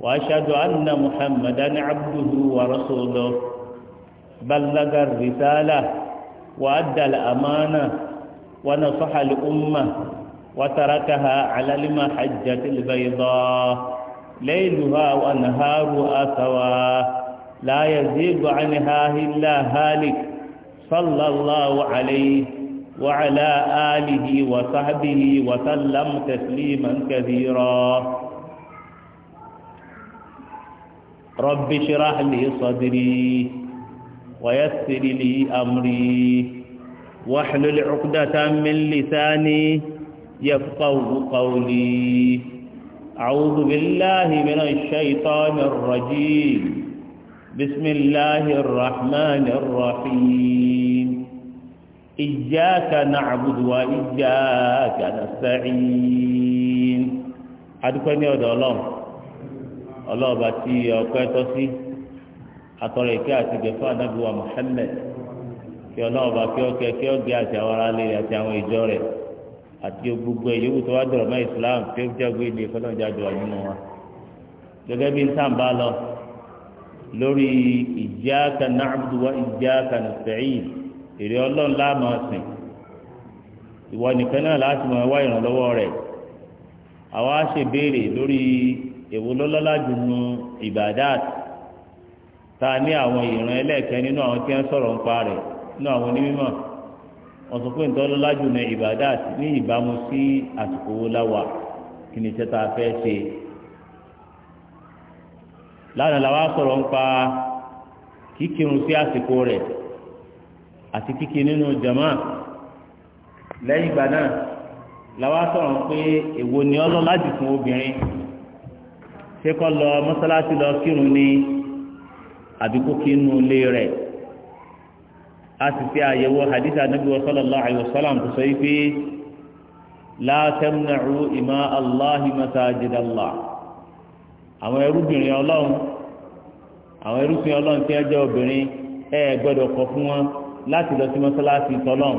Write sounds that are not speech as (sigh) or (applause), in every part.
وأشهد أن محمدا عبده ورسوله بلغ الرسالة وأدى الأمانة ونصح الأمة وتركها على المحجة البيضاء ليلها وأنهارها سواء لا يزيد عنها إلا هالك صلى الله عليه وعلى آله وصحبه وسلم تسليما كثيرا رب شرح لي صدري ويسر لي أمري واحلل عقدة من لساني يفقه قولي أعوذ بالله من الشيطان الرجيم بسم الله الرحمن الرحيم إياك نعبد وإياك نستعين أدوكني أدو الله ọlọ́ọ̀bá tí ọpẹ́ tọ́ sí atọ́rọ̀ ìkẹ́ àti gẹ̀fọ́ anábìwá Muhammad kí ọlọ́ọ̀bá kí ọkẹ́ kí ọgẹ́ àti àwọn aráàlú rẹ̀ àti àwọn ìjọ rẹ̀ àti gbogbo ìyókù tó wá dọ̀rọ̀ mọ́ Islam tí ó jẹ́gbé ilé ìfọ́nàjà dọ̀rọ̀ nínú wa gẹ́gẹ́ bí ntàǹbà lọ lórí iyyaka na'budu wa iyyaka nasta'in èrè ọlọ́run láàmú ọ̀sìn ìwọ nìkan náà láti mọ̀ wá ìrànlọ́wọ́ rẹ̀ àwa ṣèbéèrè lórí èwo lọ́lọ́lá jù nu ibadat ta ní àwọn ìran ẹlẹ́ẹ̀kẹ́ nínú àwọn tí wọ́n sọ̀rọ̀ nípa rẹ̀ nínú àwọn onímọ̀ wọ́n sọ pé ntọ́lọ́lá jù nu ibadat ní ìbámu sí àsìkò wo láwà kí ni tẹ́ta fẹ́ ṣe lánàá làwa sọ̀rọ̀ nípa kíkirun sí àsìkò rẹ̀ àti kíkí nínú jama lẹ́yìn ìgbà náà làwa sọ̀rọ̀ pé èwo ni ọlọ́lá jù fún obìnrin ṣé kó lọ mọ́sálásí lọ kírun ní àbíkú kínú ilé rẹ̀ a sì fi àyẹ̀wò hadith anabi wa sallallahu alayhi wa sallam tó sọ yìí pé la tamna'u ima allahi masajid allah àwọn ẹrúbìnrin ọlọ́run àwọn ẹrúbìnrin ọlọ́run tí wọ́n jẹ́ obìnrin ẹ gbọ́dọ̀ fún wọn láti lọ sí mọ́sálásí tọ́lọ́run.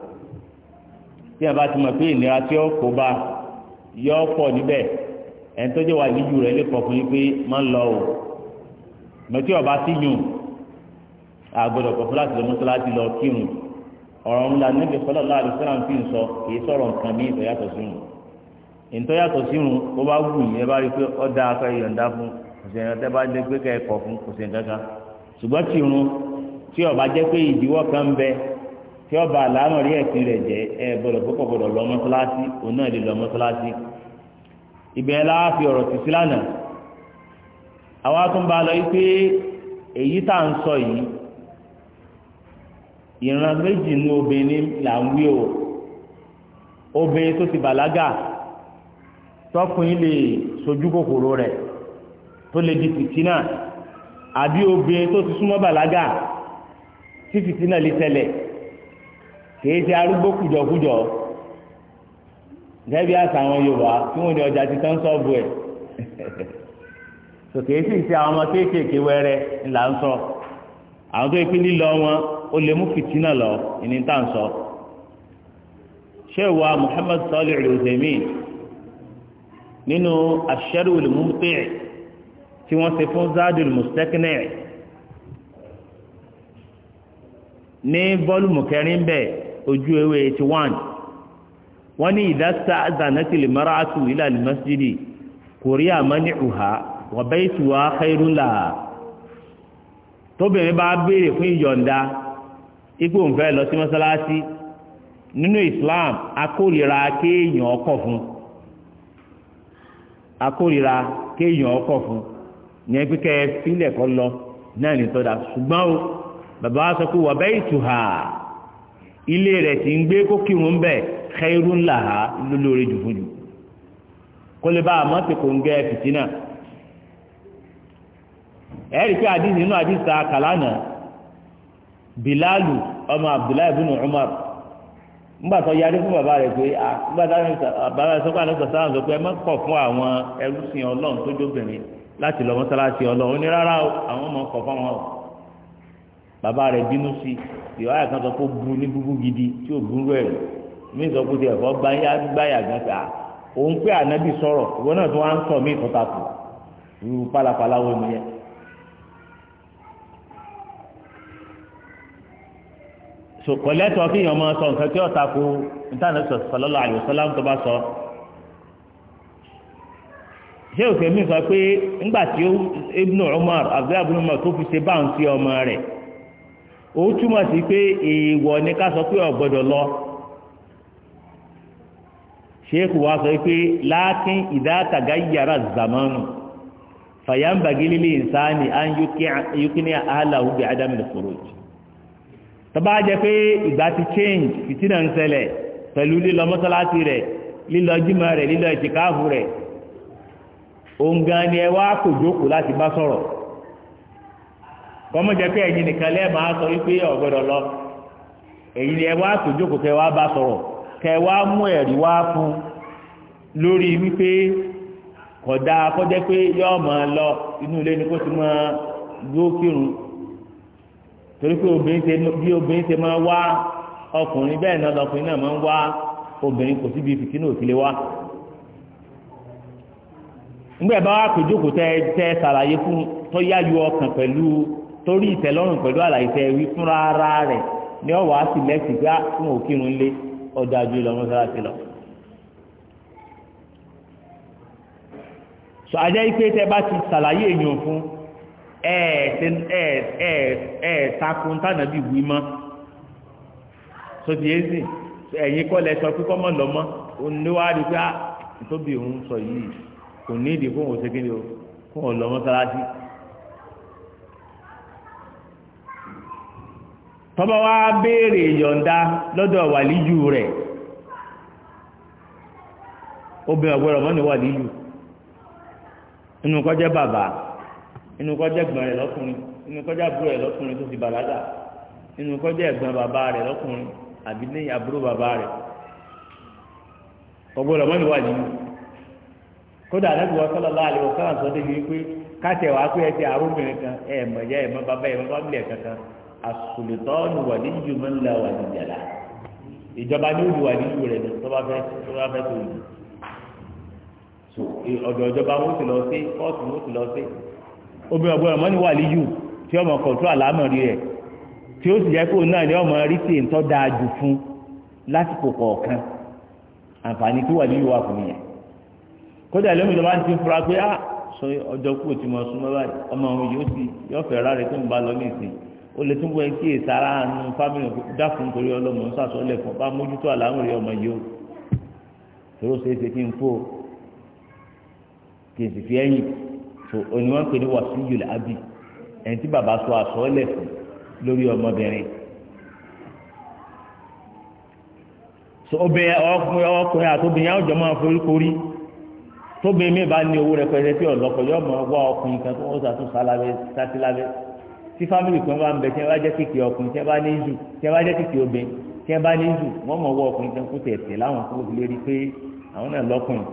tí a bá ti mọ̀ pé ìnira tí ó kó bá yọ pọ̀ níbẹ̀ ẹni tó jẹ́ wà níjú rẹ̀ lè pọ̀ o mọ̀tí ọba sí yùn àgbọ̀dọ̀ pọ̀ fún láti lọ mọ́sálásí lọ kírun ọ̀rọ̀ ńlá níbi sọ́lá fi ń sọ kì í sọ̀rọ̀ nǹkan bí ìtọ́ sírun ìtọ́ sírun ó bá wù yín ẹ bá rí i pé ó da akọ ìyọ̀ǹda fún kò tí ọba àlámọ̀rí ẹ̀sìn rẹ̀ jẹ́ ẹ gbọ́dọ̀ púpọ̀ gbọ́dọ̀ lọ mọ́sálásí òun náà lè lọ mọ́sálásí ibẹ̀ la fi ọ̀rọ̀ tì sí lánàá àwa tún bá lọ pé èyí tá à ń sọ yìí ìran méjì ní obìnrin là ń wí o obìnrin tó ti bàlágà tọkùnrin lè sojú kòkòrò rẹ̀ tó lè di fìtínà àbí obìnrin tó ti súnmọ́ bàlágà tí fìtínà lè tẹ̀lẹ̀ kìí ṣe arúgbó kùjọkùjọ gẹ́gẹ́ bí àṣà àwọn Yorùbá tí wọ́n ní ọjà títàn sọ́ọ̀bù ẹ̀ so kìí sì ṣe àwọn ọmọ kéékèèké wẹ́rẹ́ ńlá ń sọ àwọn tó pín lílọ wọn ó lè mú fìtínà lọ ìní tá à ń sọ ṣéwà Muhammad Salih al nínú ash-Sharh tí wọ́n ṣe fún Zadul Mustaqni' ní bọ́ọ̀lù mọ̀kẹ́rin bẹ́ẹ̀. ojú ewé eighty one wọ́n ní ìdásá zanati limaratu Koriya ma kòríà mani uha tuwa ìtura xeyrúlà tóbìnrin bá béèrè fún ìyọ̀ǹda ipò ń lọ sí mọ́sálásí nínú islam akórira kéèyàn ọkọ̀ fún akórira kéèyàn ọkọ̀ fún ní ẹgbẹ́ kẹ́ kọ́ lọ náà ní tọ́da ṣùgbọ́n bàbá wa sọ pé ilé rẹ̀ ti ń gbé kó kírun bẹ̀ xeyiru ńlá lólórí jù kó lè bá àmọ́ ti kò ń bilalu ọmọ abdullahi bin umar ńgbà tó yarí fún bàbá rẹ pé àgbà ah, bàbá rẹ sọ pé àlọ́sọ̀ sáà sọ ẹ má fún àwọn ẹrúsìn ọlọ́run tó jóbìnrin láti lọ ọlọ́run ní rárá àwọn ọmọ fún bàbá rẹ ìwà yà kan sọ kó bu ní búbú gidi tí ò búrú ẹ̀ mí sọ kó ti ẹ̀fọ́ gbáyà gbáyà gan ta òun pé ànábì sọ̀rọ̀ ìwọ náà tó wá ń sọ mí ìtọ́ta kù irú pálapàla wo ni yẹ. sòkòlẹ́tọ̀ kí èèyàn máa sọ nǹkan tí ọ̀ta kù ìtànà sallallahu alaihi wasallam tó bá sọ. ṣé òfin mi sọ pé ńgbà tí Ibn Umar abdulayi abdulayi tó fi ṣe báǹsì ọmọ rẹ̀ ó túmọ̀ sí pé ni ká sọ pé lọ sheikh wa sọ pé láàkín ìdátàgá yàrá zamanu fàyàǹbàgì ìsáni à ń yókí ní àhàlàhù bí adam lè kúrò jù pé ìgbà ti change fìtínà ń ṣẹlẹ̀ pẹ̀lú lílọ mọ́sálásí rẹ lílọ jímọ̀ rẹ lílọ ìtìkáàfù rẹ òun gan kò jókòó láti bá sọrọ. kọ́mọ jẹ́ pé ẹyin nìkan lẹ́ẹ̀ máa sọ wípé ọ̀gbọ́dọ̀ lọ èyí ni ẹ wá tòjókòó kẹwàá bá sọ̀rọ̀ kẹwàá mú wá fún lórí wípé kódà kọ́jẹ́ pé yọọ máa lọ inú ilé ni kó ti máa gbó kírun torí pé bí obìnrin ṣe máa wá ọkùnrin náà lọkùnrin náà máa ń wá obìnrin kò síbi wá. nígbà bá wà torí ìtẹ́lọ́rùn pẹ̀lú àlàyé tẹ wí fúnra ara rẹ̀ ní ọ̀wọ́ á sì lẹ́sìn pé fún ah, òkírun lé ọ̀dà ju ìlọ mọ́sálásí lọ. sọ ajá yìí pé tẹ bá ti ṣàlàyé èèyàn fún ẹ ẹ ẹ ẹ takun tànàbí wí mọ́ sọtì yéésì ẹ̀yin kọ́ lẹ sọ pé kọ́ mọ̀ lọ́mọ́ oníwárí pé ah, tóbi òun sọ yìí kò ní ìdí fún òun ṣe kí ni o fún òun lọ mọ́sálásí. tọ́bọ̀ wá béèrè yọ̀ǹda lọ́dọ̀ wàlíyù rẹ̀ obìnrin ọ̀gbẹ́rọ̀ mọ́ ní wàlíyù inú kọjẹ́ bàbá inú kọjẹ́ ẹ̀gbọ́n rẹ̀ lọ́kùnrin inú kọjẹ́ àbúrò rẹ̀ lọ́kùnrin tó ti bàlágà inú kọjẹ́ ẹ̀gbọ́n bàbá rẹ̀ lọ́kùnrin àbí ní àbúrò bàbá rẹ̀ ọ̀gbẹ́rọ̀ mọ́ ní wàlíyù kódà anábì wọn sọlọ lọ àlè wọn sọlọ sọdẹ yìí pé káàtẹ wàá pé ẹ ti àrùn obìnrin kan ẹ mọ̀ ya ẹ bàbá ẹ mọ̀ bàbá ẹ kankan asùlùtọ́ọ̀nù wàdíjù máa ń la wàdíjà la ìjọba ní òdu wàdíjù rẹ̀ tó bá fẹ́ tó bá fẹ́ tó yìí so ọ̀dọ̀ ìjọba wọn ti lọ sí kóòtù wọn ti lọ sí obìnrin ọ̀gbọ́n ọmọ ní wàlíjù tí ọmọ kọ̀ọ̀tù àlámọ̀rí rẹ̀ tí ó sì jẹ́ kó náà ní ọmọ rí sí ìtọ́ dáa jù fún lásìkò kọ̀ọ̀kan àǹfààní tí wàlíjù wà fún yẹn kódà lómi ló ti fura pé ah sọ ọjọ́ kúrò tí mo súnmọ́ báyìí ọmọ òun yóò ti yọ o lè tún bọ ẹkí ìsara àánú fámìlì dákun torí ọlọmọ ń sàtọlẹ fún bá mójútó àláwọn èrè ọmọ yìí o tòró ṣe é ṣe kí n kó kí n sì fi ẹ̀yìn tó oníwọn pè ní wàsíyù làbí ẹni tí bàbá sọ àsọlẹ fún lórí ọmọbìnrin so obìnrin ọkùnrin ọkùnrin àti obìnrin àwùjọ máa forí korí tóbi mi bá ní owó rẹpẹtẹ tí ọlọpọ yóò máa wá ọkùnrin kan tó wọn sàtún sálábẹ sátìlábẹ tí fámìlì kan bá ń bẹ tí wọ́n bá jẹ́ kìkì ọkùnrin tí wọ́n bá ní ìzù tí wọ́n bá jẹ́ kìkì obìnrin tí wọ́n bá ní ìzù wọ́n mọ̀ wọ́ ọkùnrin kan kó tẹ̀ tẹ̀ láwọn kó lè rí pé àwọn náà lọ́kùnrin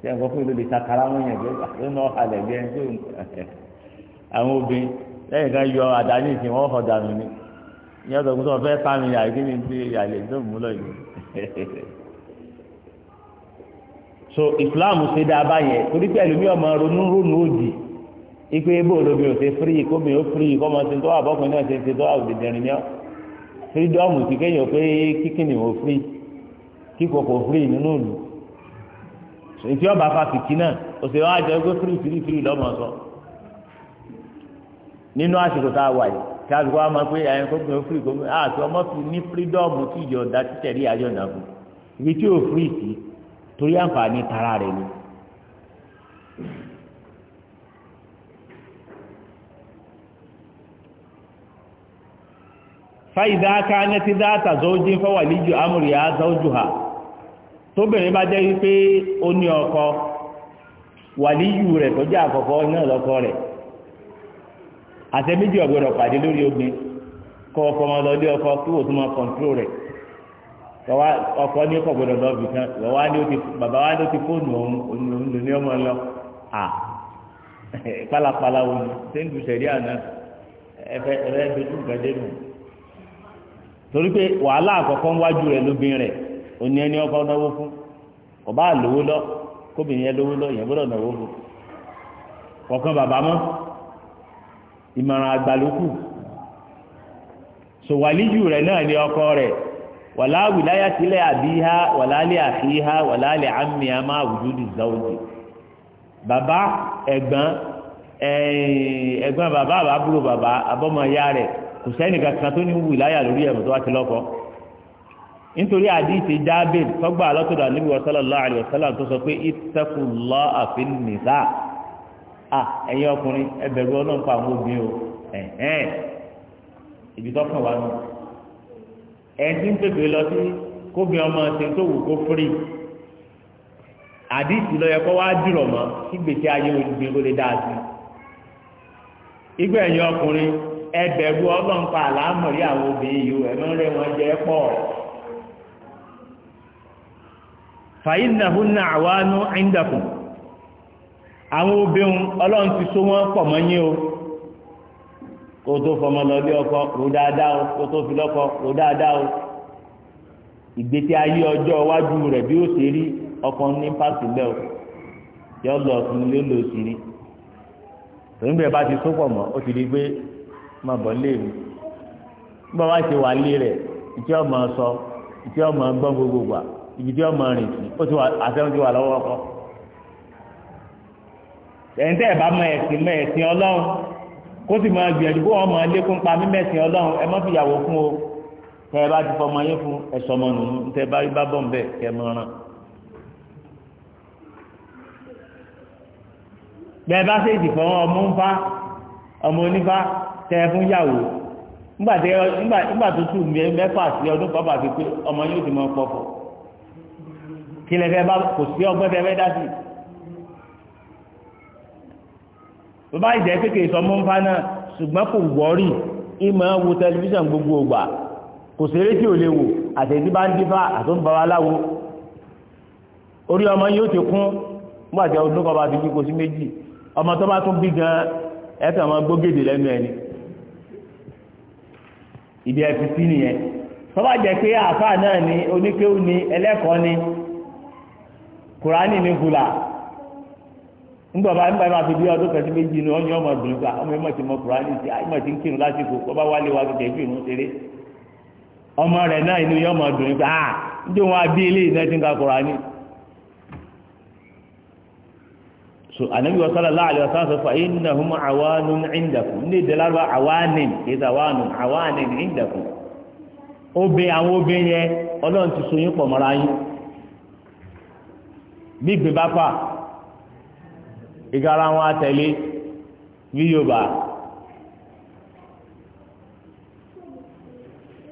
tí wọ́n fún ìlú sakara wọn yẹn pé àwọn náà halẹ̀ bí ẹni tó àwọn obìnrin lẹ́yìn kan yọ àdáni ìsìn wọ́n fọ̀ dànù ni ìyá ọ̀dọ̀ kúndùn ọ̀fẹ́ fámìlì àìkíní ti àlè tó mú lọ yìí so Islam ṣe dáa báyẹn torí pé ẹlòmíọ̀ máa ronú ronú ikú ebó olóbi ò ṣe firi kóbi ó firi kọ́mọ ti tó àbọ̀kùnrin náà ṣe ti tó àwòdìdìrín ní ọ́ fírídọ́ọ̀mù ti kéèyàn pé kíkìnì ò firi kíkòkò firi nínú ìlú ètí ọba fa fìtí náà òṣèré wa jẹ pé firi firi firi lọ́mọ sọ nínú àsìkò tá a wà yìí a lùkọ́ àmọ́ pé ẹ̀yìn kóbi ó firi kóbi àti ọmọ fi ní fírídọ́ọ̀mù tí ìjọ da àjọ fáìdá kánẹ́tì dáàtà zọ́ọ́jì fọwọ́líjù amúrìá zọ́ọ́jù ha tóbìnrin bá jẹ́ wípé ó ní ọkọ wàlíyù rẹ̀ tó jẹ́ àkọ́kọ́ náà lọ́kọ rẹ̀ àṣẹ méjì pàdé lórí obìnrin ọkọ ọmọ lọlé ọkọ kí wò ọkọ ní lọ bìkan bàbá wa ti fóònù òun ní ọmọ lọ (laughs) pálapàla òun torí pé wàhálà àkọ́kọ́ ń wájú rẹ̀ lóbìnrin rẹ̀ ó ní ẹni ọkọ náwó fún ọba àlówó lọ kóbìnrin yẹn lówó lọ yẹn gbọ́dọ̀ náwó fún kọ̀ọ̀kan bàbá mọ́ ìmọ̀ràn àgbàlókù sòwàlíjù rẹ̀ náà ni ọkọ rẹ̀ wàlá wìláyà sílẹ̀ àbíhá wàlá lè àfíhá wàlá lè àmì àmà àwùjúdì záwùjì bàbá ẹ̀gbọ́n ẹ̀gbọ́n bàbá àbúrò bàbá abọ́mọ ya rẹ̀ kò sẹ́ni kankan tó ní wù láyà lórí ẹ̀rọ tó wá ti lọ́kọ nítorí àdìsí jábìr tọ́gbà lọ́tọ̀dọ̀ àníbi sallallahu alaihi tó sọ pé ittaqullaha fin nisa à ẹ̀yin ọkùnrin àwọn obìnrin o ẹ̀hẹ́n ibi tó wá nù ẹ̀ńtí ń pèpè lọ sí kóbi ọmọ ṣe tó wù kó firi kó wá dùrọ̀ mọ́ kí gbèsè ayé lè dáa ẹbẹ̀rù ọlọ́npa àlámọ̀rí àwọn obìnrin yìí ẹ̀ ẹ̀ńdàkùn àwọn obìnrin ọlọ́run ti so wọ́n pọ̀ mọ́ yín o kó tó fọmọ ọkọ kó o kó tó fi lọ́kọ o ìgbésí ayé ọjọ́ iwájú rẹ̀ bí ó ṣe rí ní pàṣẹ bẹ́ẹ̀ o yọ lọ ọkùnrin ló lò sí ni tòun bẹ́ẹ̀ bá ti sọ́pọ̀ mọ́ ó ti di ma bọ̀ lé bí wọ́n bá ti wà lé rẹ̀ ìtí ọmọ sọ ìtí ọmọ gbọ́n gbogbo gbà ibi tí ọmọ rìn sí ó ti wà àtẹ́wọ́n ti wà lọ́wọ́ ọkọ. ẹ̀ńtẹ́ ẹ̀ mọ ẹ̀sìn mọ ẹ̀sìn ọlọ́run kó sì máa gbìyànjú kó wọ́n máa lékún pa ẹ̀sìn ọlọ́run ẹ má fìyàwó fún o ẹ bá ti fọmọ yín fún ẹ̀sọ́ ọmọ nù bá rí bá bọ̀ ń bẹ̀ bẹ́ẹ̀ bá ṣèjì fọwọ́ ọmọ tẹ fún yàwó nígbà tó tù mẹ́fà sí ọdún kan bàbí pé ọmọ yóò ti mọ pọ̀pọ̀ kí lẹ́fẹ́ bá kò sí ọgbọ́n tẹ́fẹ́ dá sí tó bá ìjẹ́ pé kìí náà ṣùgbọ́n kò wọ́rì ìmọ̀ wo tẹlifíṣàn gbogbo ògbà kò ṣeré tí ò lè wò àtẹ̀sí bá ń dífá àtúnbáwá láwo orí ọmọ yóò ti kún nígbà tí ọdún kan bàbí kò sí méjì ọmọ tó bá tún bí gan ẹ̀ka ọmọ gbógèdè lẹ́nu ẹni ibi ẹ̀fí sí nìyẹn tọ́ba jẹ́ pé àáfàá náà ni oníkéwù ni ẹlẹ́kọ̀ọ́ ni kùránì ní fúlà ńgbọ̀nba ńgbà máa fi bí ọdún kẹsí méjì ni ọmọ ìdùnnú gbà ọmọ ìmọ̀ ti mọ kùránì sí ti ń kírun lásìkò wa kìkẹ́ fi ìrún ọmọ rẹ̀ náà inú ọmọ ah, ń wọn abí so anabi wa sallallahu alaihi wa sallam innahum awanun indakum ní èdè awanin kìí sọ awanin indakum obìnrin àwọn obìnrin yẹn ọlọ́run ti so yín pọ̀ mọ́ra yín ma ọ hụtụ na ìgara wọn àtẹ̀lé yíyọba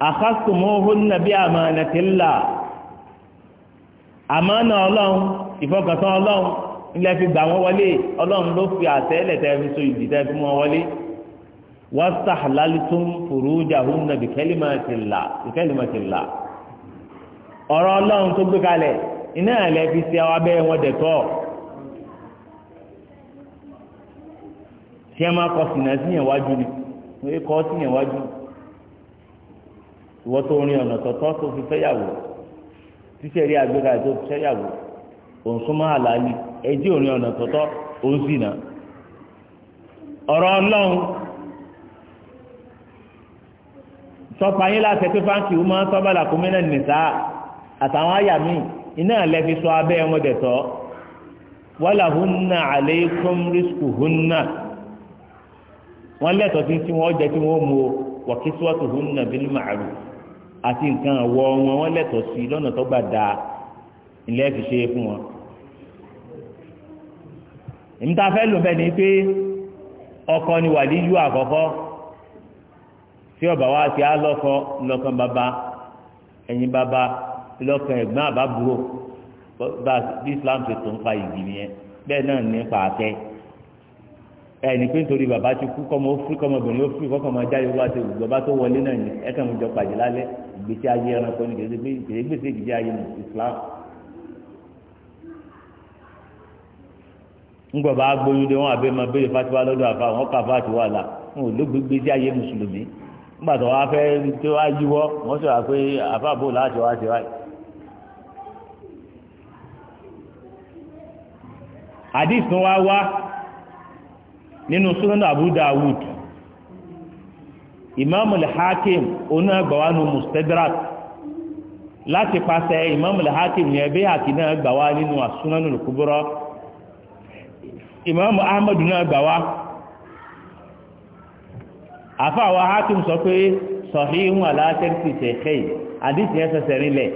akhastumuhunna bi amanati llah ilẹ̀ fi gbà wọ́n wọlé ọlọ́run ló fi àtẹ́lẹ̀ tẹ́ fi so ìdí tẹ́ fi mú wọn wọlé wastahlaltum furujahunna bi kalimatillah bi kalimatillah ọ̀rọ̀ ọlọ́run tó gbé kalẹ̀ iná ilẹ̀ fi ṣe àwọn abẹ́ wọn dẹ̀ tọ́ tí a máa kọ sínà síyàn wájú ni wọ́n yé kọ́ síyàn wájú ìwọ́ tó rin ọ̀nà tọ̀tọ̀ tó fi fẹ́yàwó tíṣẹ̀rí àgbékalẹ̀ tó fi fẹ́yàwó òǹsúnmọ́ àlàálì ẹjí òrin ọ̀nà tọ̀tọ̀ ó ń sì náà ọ̀rọ̀ ọlọ́run sọpa yín láti pé fáńkì ó máa ń sọ́bàlà kó mẹ́nà nìta àtàwọn àyà míì iná lẹ́fi sọ abẹ́ wọn dẹ̀ tọ́ wàlà hunna aleikum risku wọ́n lẹ́tọ̀ọ́ sí tí wọ́n jẹ́ tí wọ́n mú o wàkísọ́tò hunna bil ma'ruf àti nǹkan àwọ̀ wọn wọ́n lẹ́tọ̀ọ́ sí lọ́nà tó gbà dáa ilé fi ṣe é fún wọn níta fẹ́ lò bẹ́ẹ̀ ni pé ọkọ ni wàlíyù àkọ́kọ́ tí ọba wa ti á lọ́kọ lọ́kàn bàbá ẹ̀yìn bàbá lọ́kàn ẹ̀gbọ́n àbábúrò bá bí Islam ṣe tó ń pa ìgbì nìyẹn bẹ́ẹ̀ náà ní pàtẹ́ ẹni pé nítorí bàbá ti kú kọ́mọ ó fúri kọ́mọ obìnrin ó fúri kọ́kọ́ máa jáde wá sí ìgbà bá tó wọlé náà ní ẹ̀ka mi jọ pàdé lálẹ́ ìgbésí ayé ẹranko ní kèsì gbèsè ìgbésí ayé ní Islam. ńgbọ̀ bá gbóyúndé wọn àbẹ́ máa béèrè fatiwa lọ́dọ̀ àfa wọn kà fati wà là wọn ò ló gbégbé sí ayé mùsùlùmí ńgbà tó wá fẹ́ tó wá yíwọ́ wọ́n sọ̀rọ̀ pé àfa bò láti wá ti wáyé. hadith wa wá nínú súnánà Abu Dawud ìmáàmù al-Hakim oní àgbàwánu Mustadrak láti pàṣẹ ìmáàmù al-Hakim yẹn bí àkínà àgbàwá nínú as-Sunan al-Kubra ìmáàmù ahmadu náà gbà wá àfàwà hakim sọ pé sọ̀hí ń wà látẹ́kì tẹ̀kẹ́ yìí àdìsí ẹ̀ sẹ̀sẹ̀ rinlẹ̀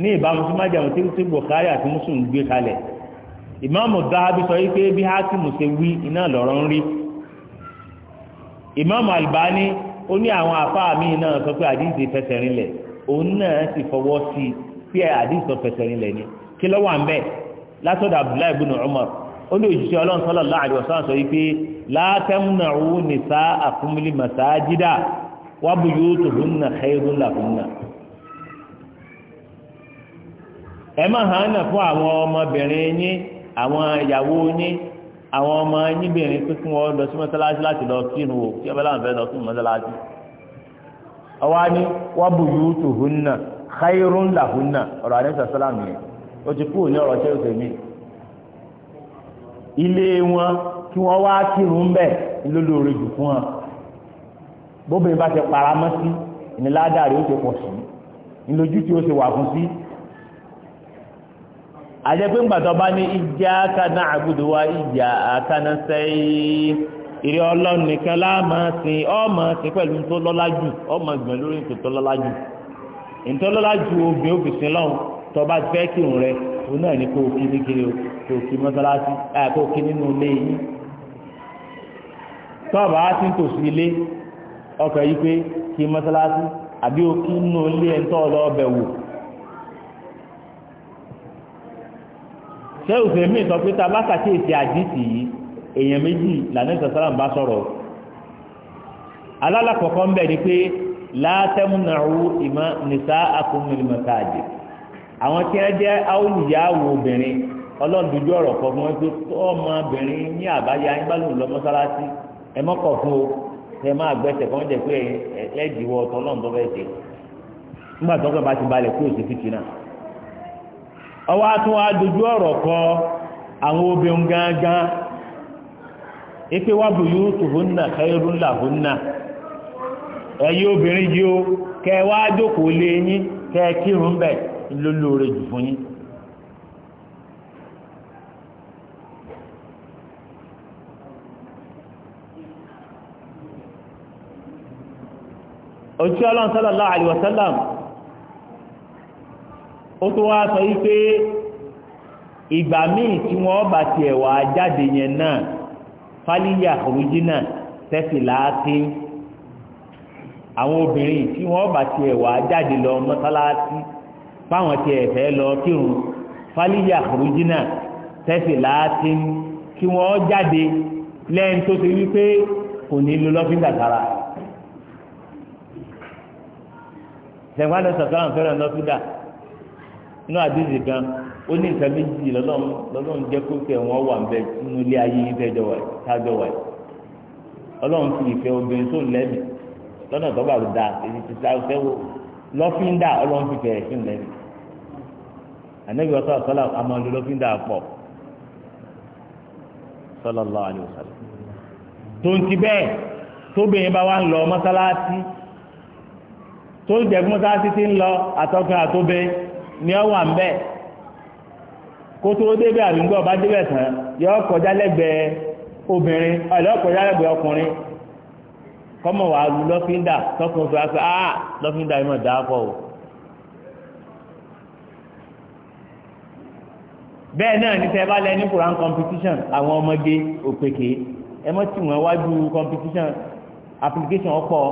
ní ìbámu sí májàmù tí tí bukhari àti muslim gbé kalẹ̀ ìmáàmù dáhábí sọ wípé bí hakim ṣe wí iná lọ́rọ̀ ń rí ìmáàmù albani ó ní àwọn àfáà míì náà sọ pé àdìsí fẹsẹ̀ rinlẹ̀ òun náà sì fọwọ́ sí pé àdìsí fẹsẹ̀ rinlẹ̀ ni kí ló wà ń bẹ̀ látọ̀dọ̀ abdullahi ibn umar ó ní òṣìṣẹ́ ọlọ́run sọ́lọ̀ láàrin ọ̀sán sọ wípé látẹ́mùnàrú nìsa àkúnmílì màsájídà wábù yóò tó fún nà xẹ́rù là fún nà. ẹ má hàn án fún àwọn ọmọbìnrin yín àwọn ìyàwó yín àwọn ọmọ yín bìnrin pé kí lọ sí mọ́sálásí láti lọ kírun o kí ẹ láwọn fẹ́ lọ sí mọ́sálásí. ọwọ́ á ní wábù yóò tó fún nà xẹ́rù là ọ̀rọ̀ àdéhùn sàlámù yẹn ó ti kúrò ní ọ̀rọ̀ ilé wọn kí wọ́n wá kírun ń bẹ̀ lólóore jù fún wọn bóbìnrin bá ti para mọ́ sí ìniládàrí ó ti pọ̀ sí ìlójú tí ó ti wà fún sí àjẹpé ńgbàtọ́ bá ní ìjà kaná àgùdù wa ìjà àkànná sẹ́yìn ìrẹ́ ọlọ́run nìkan láàmà sìn ọmọ sìn pẹ̀lú tó lọ́lá jù ọmọ ìgbọ̀n lórí tó lọ́lá jù ìtọ́lọ́lá ju obìnrin òfìsìn lọ́hùn tọba fẹ́ kí òun rẹ òun náà ní kó o kí nìkiri o kó o kí mọ́sálásí ẹ̀ kó o kí nínú ilé yín tọ́ọ̀bù á ti ń tòsí ilé ọkọ̀ yìí pé kí mọ́sálásí àbí o kí nínú ilé ẹ̀ ń tọ́ lọ ọbẹ̀ wò. ṣé òfin mi sọ pé tá a bá ṣàkíyèsí àdìsí yìí èèyàn méjì lànà ìsọ̀sọ́lá ń bá sọ̀rọ̀ alálàkọ̀ọ́kọ́ ń bẹ̀ ni pé látẹ́múnàrú ìmọ̀ nìta akúnmìlì mọ̀tàjì àwọn tí wọ́n jẹ́ áwòlìyá obìnrin ọlọ́dúnjú ọ̀rọ̀ kọ fún wọn pé ọmọbìnrin ní àbáyé ayé lọ mọ́sálásí ẹ mọ́kọ̀ fún o ẹ máa gbẹ́sẹ̀ kọ́ jẹ́ pé ọ̀tọ̀ náà ń bọ́ bẹ́ẹ̀ nígbà bá ti balẹ̀ náà ọwọ́ atún ọ̀rọ̀ kọ àwọn obìnrin gángan yóò tó náà kẹ́rù ńlá náà ló lóore jù fún yín. òtí ọlọ́run sallallahu alaihi wasallam ó tó wá sọ wípé ìgbà míì tí wọ́n bá tiẹ̀ wá jáde yẹn náà fálíyà òríjínà tẹ́síláàtì àwọn obìnrin tí wọ́n bá tiẹ̀ wá jáde lọ mọ́sálásí fáwọn tiẹ̀ fẹ́ lọ kírun fálíyà kùrújínà tẹ́sí láti kí wọ́n jáde lẹ́yìn tó ti wípé kò ní lo lọ́fíńdà sára. sẹ̀wọ́n sọ̀tàn fẹ́ràn lọ́fíńdà inú àdéhùn kan ó ní nǹkan méjì lọ́lọ́run jẹ́ kó kẹ́ wọ́n wà ń bẹ nínú ilé ayé yìí fẹ́ jọ wà tájọ wà yìí ọlọ́run fi ìfẹ́ obìnrin tó lẹ́mìí lọ́nà tó bá da èyí ti sáré fẹ́ wò lọ́fíńdà lẹ́nu àmọ́ lọ́fíńdà pọ̀ tó ń ti bẹ́ẹ̀ tóbìnrin bá ń lọ mọ́sálásí tó ń jẹ́kú mọ́sálásí ti ń lọ àtọ́kùn àtóbe ni ọ wà ń bẹ̀ kó tó débẹ̀ àdúgbò ọba débẹ̀ tán yọ kọmọ wà lu lọ́fíńdà tọkùn fún wa pé ah lọ́fíńdà o. bẹ́ẹ̀ náà ní bá lẹ ní Quran competition àwọn ọmọdé òpèké ẹ mọ́ tí wọ́n wájú competition application ọkọ̀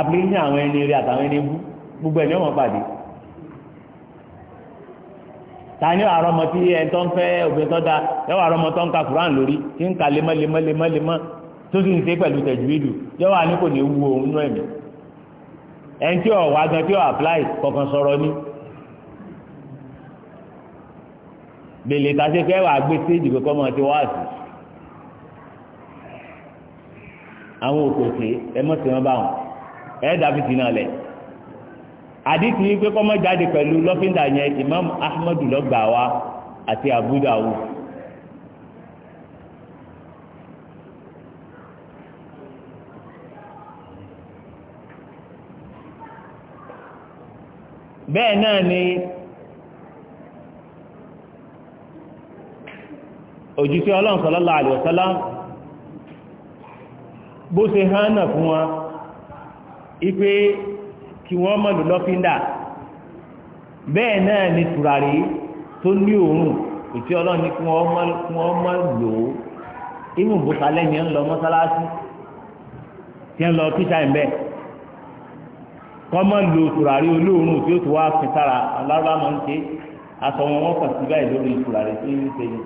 application àwọn ẹni àtàwọn ẹni bú gbogbo ẹni ọmọ pàdé da ẹ tó ń ka lórí ń ka tó sì ń ṣe pẹ̀lú tẹ̀júwìdù yóò wá ní kò ní wú òun náà mi ẹni tí ò wá gan tí ò apply kọ̀ọ̀kan sọ̀rọ̀ ní. bèlè tàṣe fẹ́ wàá gbé séèjì pé kọ́ máa ti wá sí àwọn òkòtè ẹ mọ̀ sí wọn bá wọn ẹ dàbí sí náà lẹ̀ àdìsí pé kọ́ jáde pẹ̀lú lọ́fíńdà yẹn Imam Ahmadu lọ́gbàá wa àti Abu Dawud. bẹ́ẹ̀ náà ni òjíṣẹ́ ọlọ́run sallallahu alaihi bó ṣe hánà fún wọn ipé kí wọ́n mọ̀ lò bẹ́ẹ̀ náà ni tùràrí tó ní kí wọ́n ni ń lọ mọ́sálásí tí ń lọ kíṣà wọ́n máa ń lo tùràrí olóòórùn tí ó ti wá sin sára alárúbá máa ń ṣe aṣọ wọn wọ́n kàn sí báyìí lórí tùràrí tí ń ṣe yìí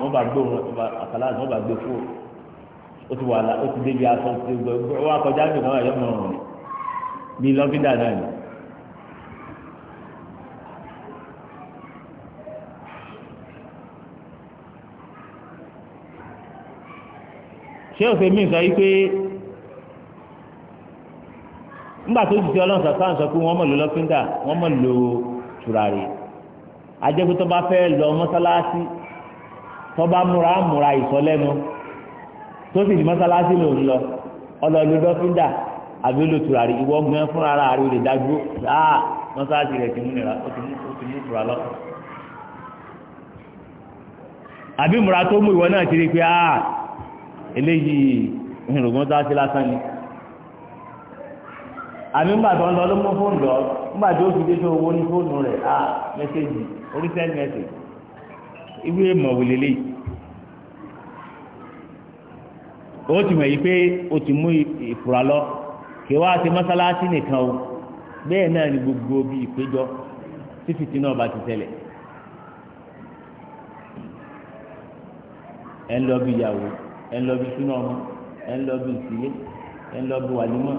wọ́n bá gbé òun àkàlà wọ́n bá gbé fún ó ti wà ó ti débi aṣọ ti gbẹ wọ́n akọjá mi náà yọ mọ̀ ọ̀rùn mi lọ́fíńdà náà ni. ṣé òfin mi sọ yìí pé. ńgbà tó ti fi ọlọ́run sàtàn sọ pé wọ́n mọ̀ ló lọ́fíńdà wọ́n mọ̀ ló tùràrí ajẹ́pẹ́ tó bá fẹ́ lọ mọ́sálásí tó bá múra múra ìsọlẹ́nu tó sì di mọ́sálásí ló ń lọ ọlọ́ọ̀lù lọ́fíńdà àbí ló ìwọ ara rẹ lè dájú a ti lásán ni. àmì ńgbà tó ń lọ ló mú fóònù lọ ńgbà tó fi dé tó owó ní fóònù rẹ̀ á ah, mẹ́sẹ̀gì orí send message ìwé èèmọ̀ wò lélẹ̀ ó ti mọ̀ yìí pé o ti mú ìfura lọ kí wàá ti mọ́sálásí nìkan o bẹ́ẹ̀ náà ni gbogbo bíi ìpéjọ tí fìtí náà bá ti tẹ̀lẹ̀ ẹ̀ ń lọ bí ìyàwó ẹ̀ ń lọ bí súnà ọmọ ẹ̀ ń lọ bí ìsílé ẹ̀ ń lọ bí wàlímọ̀.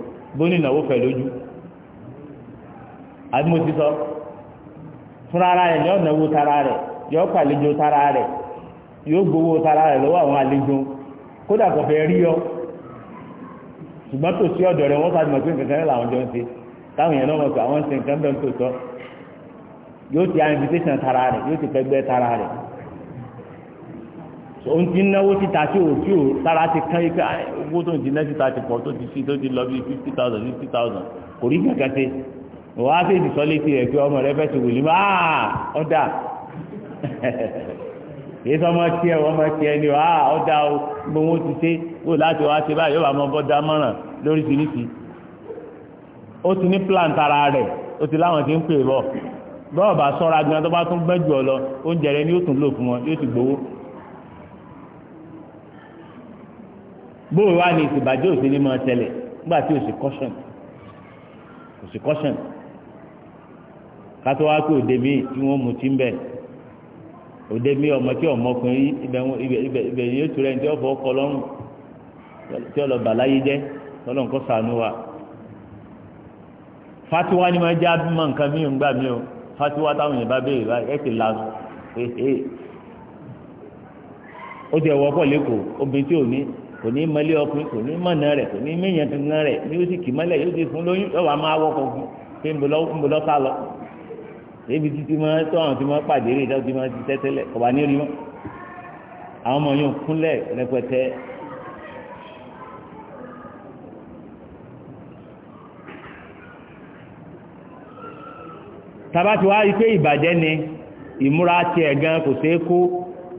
bóní ìnáwó fẹ̀ lójú àti mo ti sọ fúnra ara rẹ̀ yóò náwó tara rẹ̀ yóò pàlejò tara rẹ̀ yóò gbowó tara rẹ̀ lọ́wọ́ àwọn àlejò kódà kò fẹ́ rí ọ ṣùgbọ́n tó sí ọ̀dọ̀ rẹ̀ wọ́n fàdùmọ̀ pé nǹkan kan làwọn jọ ń ṣe táwọn èèyàn náà mọ̀ pé àwọn ń ṣe nǹkan bẹ́ẹ̀ ń tò sọ yóò ti invitation tara rẹ̀ yóò ti fẹ́ gbẹ́ tara rẹ̀ òun ti náwó títa tí ò tí ò tára ti kán yíká owó tó ń ti ná títa ti pọ̀ tó ti sí tó ti lọ bí fifty thousand fifty thousand kò rí kankan ṣe wọ́n á sì sọ létí rẹ̀ pé ọmọ rẹ fẹ́ ti wòlíì mọ́ áá ọ̀dà èyí tó ọmọ tiẹ̀ ọmọ tiẹ̀ ni áá ọ̀dà o gbogbo wọn ti ṣe wò láti wá ṣe báyìí yóò bá ọmọ bọ́dá mọ́ràn lóríṣiríṣi ó ti ní plan tara rẹ̀ ó ti láwọn ti ń pè bọ̀ bọ́ọ̀ bá sọ́ra bóòrò wá ní ìsìbàjẹ́ òsì ní máa tẹ̀lẹ̀ nígbà tí òsì caution òsì caution kátó wá pé òde mi tí wọ́n mu ti ń bẹ̀ òde mi ọmọ tí ọmọkùnrin ibẹ̀ ibẹ̀ ibẹ̀ yóò tu rẹ̀ ní ọ̀fọ̀ ọkọ lọ́rùn tí ọlọ bàláyé jẹ́ tọ́lọ̀ nǹkan sànú wa fatiwa ni máa jẹ́ abímọ nǹkan mí ń gbà mí o fatiwa táwọn yẹn bá béèrè báyìí ẹ̀ ti lanu ó ti ẹ̀wọ́ pọ̀ lẹ́kọ̀ọ́ obìnrin tí ò ní kò ní mọlé ọkùnrin kò ní mọ̀nà rẹ̀ kò ní mẹ̀yàn kankan rẹ̀ ní ó sì kì mọ́lẹ̀ yóò ti fún lóyún lọ́wọ́ a máa wọ́kọ̀ fún pé ńbọ̀lọ́ sá lọ ebi títí mọ́ tọ́hún ti mọ́ pàdé rè dáwọ́ ti mọ́ ti tẹ́tẹ́lẹ̀ kọ̀wá ní rí àwọn ọmọ yóò kúnlẹ̀ rẹpẹtẹ tàbá ti wá rí pé ìbàjẹ́ ni ìmúra tiẹ̀ gan kò ṣeé kó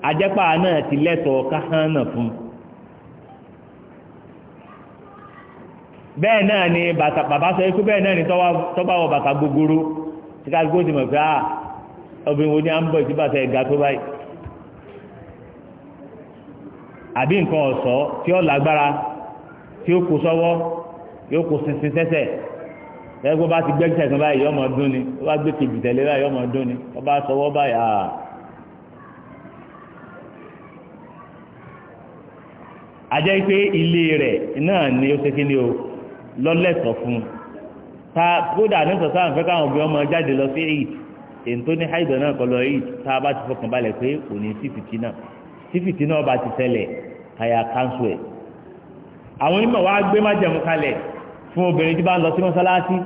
ajẹ́pà náà ti lẹ́tọ̀ọ́ káhánà fún un bẹ́ẹ̀ náà ni bàbá sọ ikú bẹ́ẹ̀ náà ni tọ́bá wọ bàtà gbogbooro tí ká gbó ti mọ̀ pé ah obìnrin wo ni à ń bọ̀ sí bàtà ẹ̀ga tó báyìí àbí nǹkan ọ̀sọ́ tí ó lágbára tí ó kó sọ́wọ́ yóò kó sinsin sẹ́sẹ̀ ẹgbẹ́ bá ti gbẹ́gbẹ́ kan báyìí yọmọ dún ni ó bá gbé kejì tẹ̀lé báyìí yọmọ dún ni ó bá sọwọ́ báyìí ah ajẹ́ pé ilé rẹ̀ náà ni ó ṣe kí ni o lọ́lẹ́tọ̀ fún un ta kódà nípa sáà ń fẹ́ káwọn obìnrin ọmọ jáde lọ sí èyí èyí tó ní haidọ̀ náà kọ́ lọ èyí tá a bá ti fọkàn balẹ̀ pé kò ní sí fìtínà tí fìtínà ọba ti ṣẹlẹ̀ kàyà kánṣu ẹ̀ àwọn onímọ̀ wa gbé májẹ̀mú kalẹ̀ fún obìnrin tí bá ń lọ sí mọ́sálásí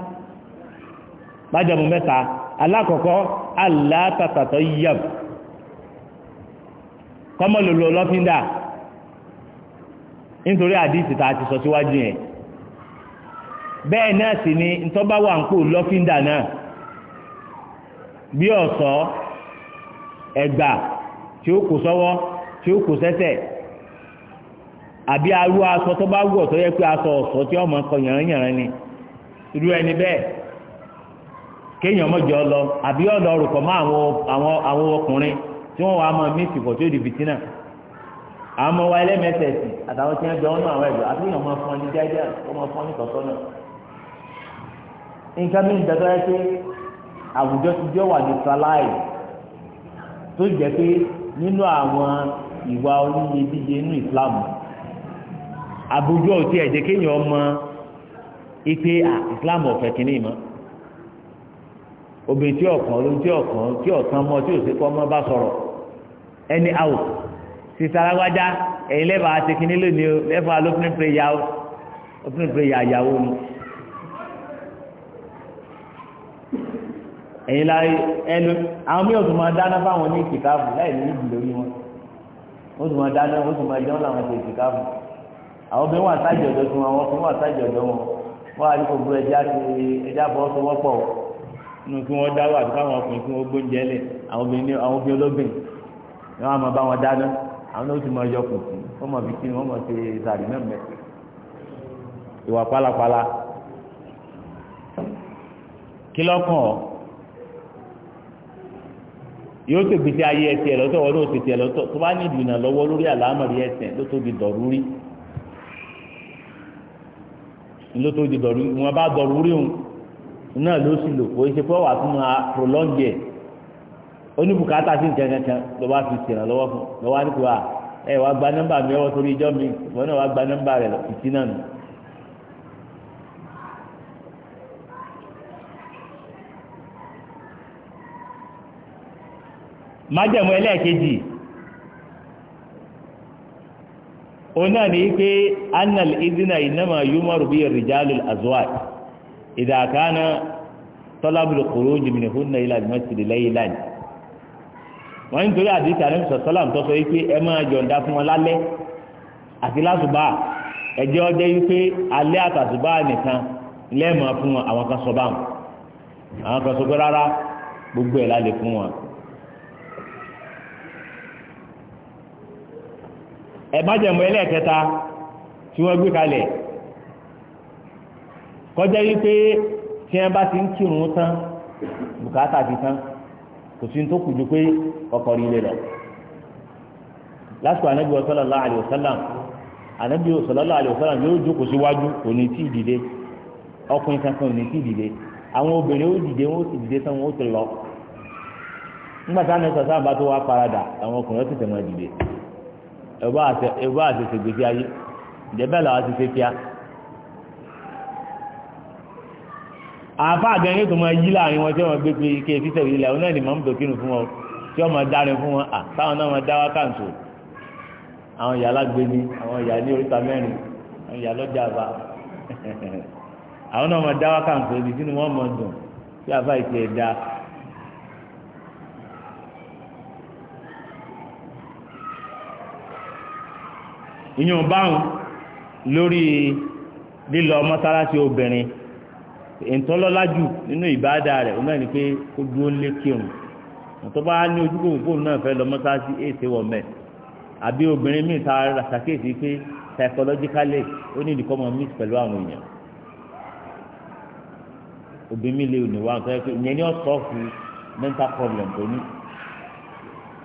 májẹ̀mú mẹ́ta alákọ̀ọ́kọ́ aláàtàtàtọ̀ yíyàm kọ́mọlòlò lọ́fíńdà nítorí àdìsí tá ti sọ síwájú yẹn bẹ́ẹ̀ náà sì ni ntọ́ba wà ń kó lọ́fíńdà náà bí ọ̀sọ́ ẹ̀gbà tí ó kò sọ́wọ́ tí ó kò sẹ́sẹ̀ àbí arú aṣọ tó bá wù ọ̀tọ́ yẹ pé aṣọ ọ̀sọ́ tí ọmọ kan yànrányànrán ni irú ẹni bẹ́ẹ̀ kéèyàn mọ̀jọ lọ àbí ọ̀dọ̀ ọ̀rùkọ̀ mọ́ àwọn àwọn ọkùnrin tí wọ́n wàá máa mí tìfọ̀ tí ó di àwọn ọmọ wa ẹlẹ́mẹsẹ̀sì àtàwọn tí wọ́n jọ ọ́nà àwọn ẹ̀dọ̀ náà nǹkan mi ń dẹ́tọ́ yẹ pé àwùjọ ti jọ wà neutralize tó jẹ́ pé nínú àwọn ìwà oníyebíye inú Islam àbújọ òtí ẹ̀jẹ̀ kéèyàn ọmọ ipe Islam ọ̀fẹ́ kìíní mọ́ obìnrin tí ọ̀kan olóhùn tí ọ̀kan tí ọ̀kan mọ́ tí òsè kọ́ mọ́ bá sọ̀rọ̀ ẹni out sísalágbájá ẹ̀yin lẹ́bàá àti kìíní lónìí lẹ́fà lópin prayer lópin prayer àyàwó ni. ẹ̀yìn láyé ẹnu àwọn mí òtún máa dáná fáwọn ní ìtìkáàbù láì ní ìdì lórí wọn ó tún máa dáná ó tún máa jẹun láwọn ti ìtìkáàbù àwọn obìnrin wà sáàjì ọ̀dọ́ tún wọn ọkùnrin wà sáàjì ọ̀dọ́ wọn wọn àdìpọ̀ gbọ́ ẹja ti ẹja bọ́ tó wọ́pọ̀ nínú kí wọ́n dáwọ́ àti káwọn ọkùnrin kí wọ́n gbóúnjẹ lẹ̀ àwọn obìnrin àwọn obìnrin olóbìn ni wọ́n á máa bá wọn dáná àwọn náà ó tún máa yọ kùkù wọ́n máa fi kí wọ́n máa ṣe sàrì náà kí lọ́kàn ọ́ yóò tó gbèsè ayé ẹtì ẹ lọ́tọ̀ wọn náà tètè ẹ lọ́tọ̀ tó bá ní ìdùnnà lọ́wọ́ lórí àlámọ̀rí ẹsẹ̀ ló tó di dọ̀rúrí ló tó di dọ̀rúrí wọn bá dọ̀rúrí òun náà ló sì lò si ṣe pé wà fún wa prolong yẹ oníbùkátà sí nǹkan kankan ló bá fi ṣèrànlọ́ fún mi torí mi gba rẹ lọ náà nù májẹ̀mú ẹlẹ́ẹ̀kejì òun náà ní pé annal idina inama yumar bi rijalul azwaj idha kana talabul khuruj minhunna ila al-masjid laylan wọ́n ń torí àdìsí àrẹ́mùsọ̀ sọ́làm tó sọ wípé ẹ máa yọ̀ǹda fún wọn lálẹ́ àti lásùbà ẹjẹ́ ọjẹ́ wípé alẹ́ àtàsùbà nìkan lẹ́ẹ̀mọ́ fún wọn àwọn kan sọ báwọn àwọn kan sọ pé rárá gbogbo ẹ̀ lálẹ́ fún wọn ẹ̀májẹ̀mú ẹlẹ́ẹ̀kẹta tí wọ́n gbé kalẹ̀ kọjá wípé tí wọ́n bá ti ń kírun tán bùkátà ti tán kò sí tó kù pé ọkọ̀ ilé lọ lásìkò anábì sallallahu alaihi wasallam anábì sallallahu yóò jókòó síwájú kò ní tí ì ọkùnrin kankan ò ní tí ì àwọn obìnrin ó dìde wọn ó sì dìde tán wọn ó ti lọ nígbà táwọn sábà tó wá àwọn ọkùnrin ó dìde. ẹ̀bọ́ àti ṣègbèsí ayé ìjẹ́bẹ́ làwọn ti ṣe kíá àfa àgẹ́yìn yóò tó máa yí láàrin wọn tí wọ́n gbé pé ike fífẹ́ yìí lẹ́wọ̀n náà ni màá ń bò kínú fún wọn tí wọ́n máa dárin fún wọn à táwọn náà máa dá wákàtí àwọn ìyá alágbé ni àwọn ìyá ní oríta mẹ́rin àwọn ìyá lọ́jà àbá (laughs) àwọn náà máa dá wákàtí ibi tí wọ́n máa dùn tí àfa ìṣe ẹ̀dá ìyún báhùn lórí lílọ mọ́sálásí obìnrin ìtọ́lọ́lájú nínú ìbáadà rẹ̀ ó náà ní pé kó dúró lé kírun tó bá ní ojúkò fóònù náà fẹ́ lọ mọ́sálásí èsè wọ̀ mẹ́ àbí obìnrin míì ta ṣàkíyèsí pé psychologically ó ní ìdíkọ́ mọ́ mix pẹ̀lú àwọn èèyàn obìnrin mi lè ní wa nǹkan pé ìyẹn ní ọ̀sọ́ fún mental problem tó ní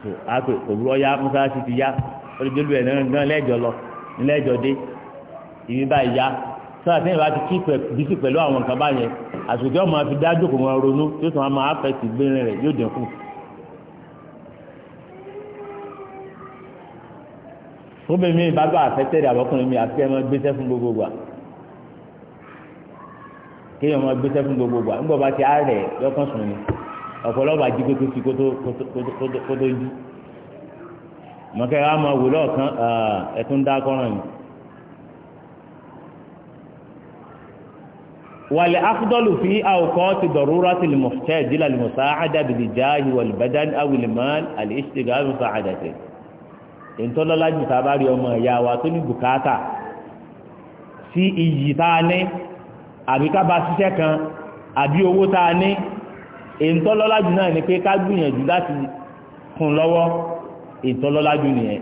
so àpè òwúrọ̀ ya mọ́sálásí ti ya olùgbélú ẹ̀ náà gbọ́n lẹ́jọ́ lọ nílẹ́jọ́ dé ìbí báyìí yá sọ́dà tí ìbá ti kí bísí pẹ̀lú àwọn nǹkan báyẹn àsòjọ́ ọmọ afi dá jókòó wọn ronú yóò sọ ma apẹ̀tì gbẹ̀rẹ̀ rẹ̀ yóò dínkù. fúnbẹ̀mí mi bá bá àfẹ́tẹ́ rẹ̀ àbọ̀kùnrin mi àti ẹ̀mọ́ gbéṣẹ́ fún gbogbo gbà kéèyàn máa gbéṣẹ́ fún gbogbo gbà ńgbọ́ bá ti á rẹ̀ lọ́kàn sùn ni ọ̀pọ̀lọpọ̀ àjí kótó sí kótó kótó kótó yìí mọ̀kẹ́ wa máa wò lọ́ọ̀kan ẹ̀tún dákọ́ràn ni. wàlẹ̀ afdọ́lù fi àwòkọ́ ti dọ̀rúra ti lèmọ̀ṣẹ́ ìdílà lèmọ̀ṣá àdàbìlì jáàyè wàlẹ̀ bẹ́dán awìlẹ̀mọ́ àlẹ́ ìṣègùn àbúfà àdàtẹ̀. ìtọ́lọ́lá jù sábà rí ọmọ ìyá wa tó ní bùkátà sí iyì tá a ní àbí ká bá ṣiṣẹ́ kan àbí owó tá a ní ìtọ́lọ́lá jù náà ni pé ká gbìyànjú láti kún lọ́wọ́ ìtọ́lọ́lájú nìyẹn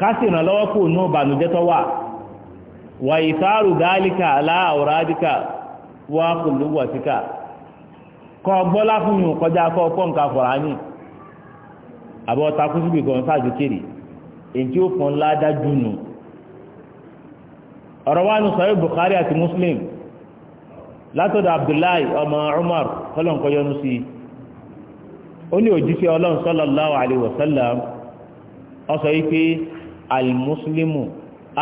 kásì ìrànlọ́wọ́ kò ní ọ̀bànújẹ́ tó wà wà ìtàrù dáálíkà aláàwòrádíkà wà kùlúwàtíkà kọ gbọ́lá fún mi kọjá kọ pọ́ǹkà fọ̀rání àbọ̀ takú síbi kan sáàjú kiri èyí tí ó Bukhari àti Muslim látọ̀dọ̀ Abdullahi ọmọ Umar kọlọ̀nkọyọ́nu sí i ó ní òjíṣẹ́ ọlọ́run sallallahu alaihi wasallam ó sọ yìí pé alimuslimu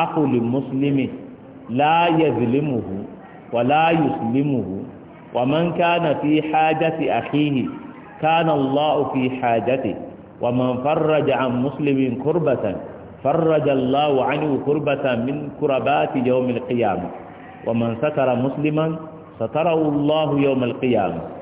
akoli muslimi la yazlimuhu wa la yuslimuhu wa man kana fi hajati akhihi kana Allahu fi hajati wa man farraja an muslimin kurbatan farraja Allahu anhu kurbatan min kurabati yawmil qiyamah wa man satara musliman satarahu Allahu yawmal qiyamah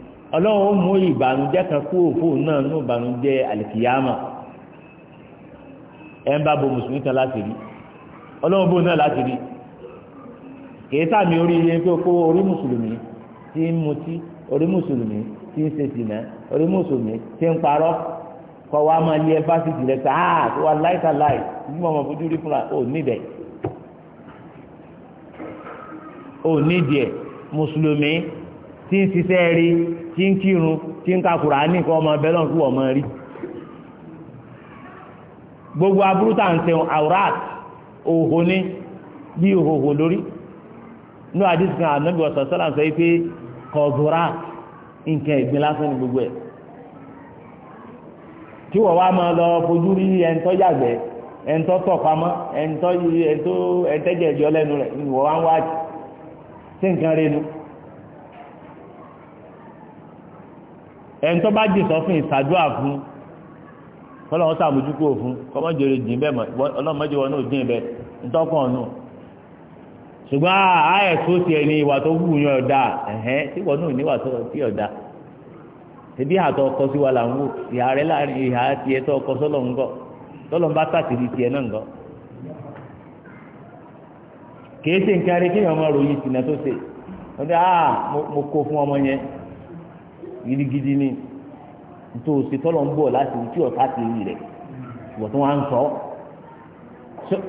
ọlọ́run mú ìbànújẹ́ kan kúrò fóun náà nínú ìbànújẹ́ àlìkìyàmà ẹ̀ ń bá bo mùsùlùmí kan láti rí ọlọ́run bóun náà láti rí kìí sàmì orí iye pé kó orí mùsùlùmí tí ń mutí orí mùsùlùmí tí ń ṣe sìnà orí mùsùlùmí tí ń parọ́ kọ́ wa máa lé ẹfásitì rẹ̀ sá ah, àá wa láìka láì bí mo mọ̀ fojú rí fúnra ò nídẹ̀ ò nídìẹ̀ mùsùlùmí tí ń ṣiṣẹ́ rí tí ń kírun tí ń ka Kùránì ọmọ bẹ́ẹ̀ náà gbogbo aburú ń aurat òhò ní bí òhòhò lórí ní àdìsí kan ànábì ọ̀sán sọ́là sọ pé kọ̀ọ̀dúrà nǹkan ìgbín lásán ní gbogbo ẹ̀ tí wọ́n wá máa lọ fojú rí ẹni tó yàgbẹ́ ẹni tó tọ̀ pamọ́ ẹni tó ẹni tó lẹ́nu rẹ̀ wọ́n nu. ẹni tó bá jì sọ fún ìsàdúrà fún kọlọ́wọ́n sàmójúkú òfun kọ́mọ́jọ́rẹ́ ji bẹ́ẹ̀ ọlọ́mọdé wọn náà jìn bẹ́ẹ̀ ntọ́kàn nù ṣùgbọ́n ààyè tó ti ẹni ìwà tó wù yàn ọ̀dà ẹ̀hẹ́ tí wọn náà níwà tó ti ọ̀dà ọkọ sí wa là ń ọkọ ń bá náà kèé kéèyàn ọmọ ròyìn fún ọmọ gidigidi ni tó o ṣe tọ́lọ̀ ń bọ̀ láti o ọ̀tá ti rí rẹ̀ wọ́n tún wá ń sọ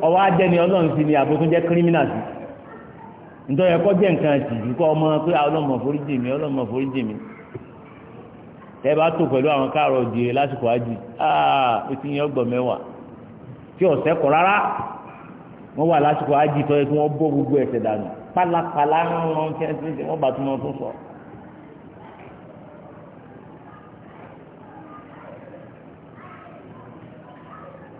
ọwọ́ ajẹ́ni ọlọ́run sí ni àbó tó jẹ́ kírímínà sí ntọ́ yẹ kọ́ jẹ́ nǹkan tìjú kọ́ ọmọ pé ọlọ́mọ forí jì mí ọlọ́mọ forí jì mí tẹ́ bá tó pẹ̀lú àwọn káàrọ̀ òjìrè lásìkò ájì áà ah, etí yẹn ọgbọ̀n mẹ́wàá tí ọ̀sẹ̀ kọ̀ rárá wọ́n wà lásìkò ájì tọ́ yẹ kí wọ́n bó gbogbo ẹ̀sẹ̀ dànù pálapàla ń rán wọ́n bá tún wọn tún sọ̀rọ̀.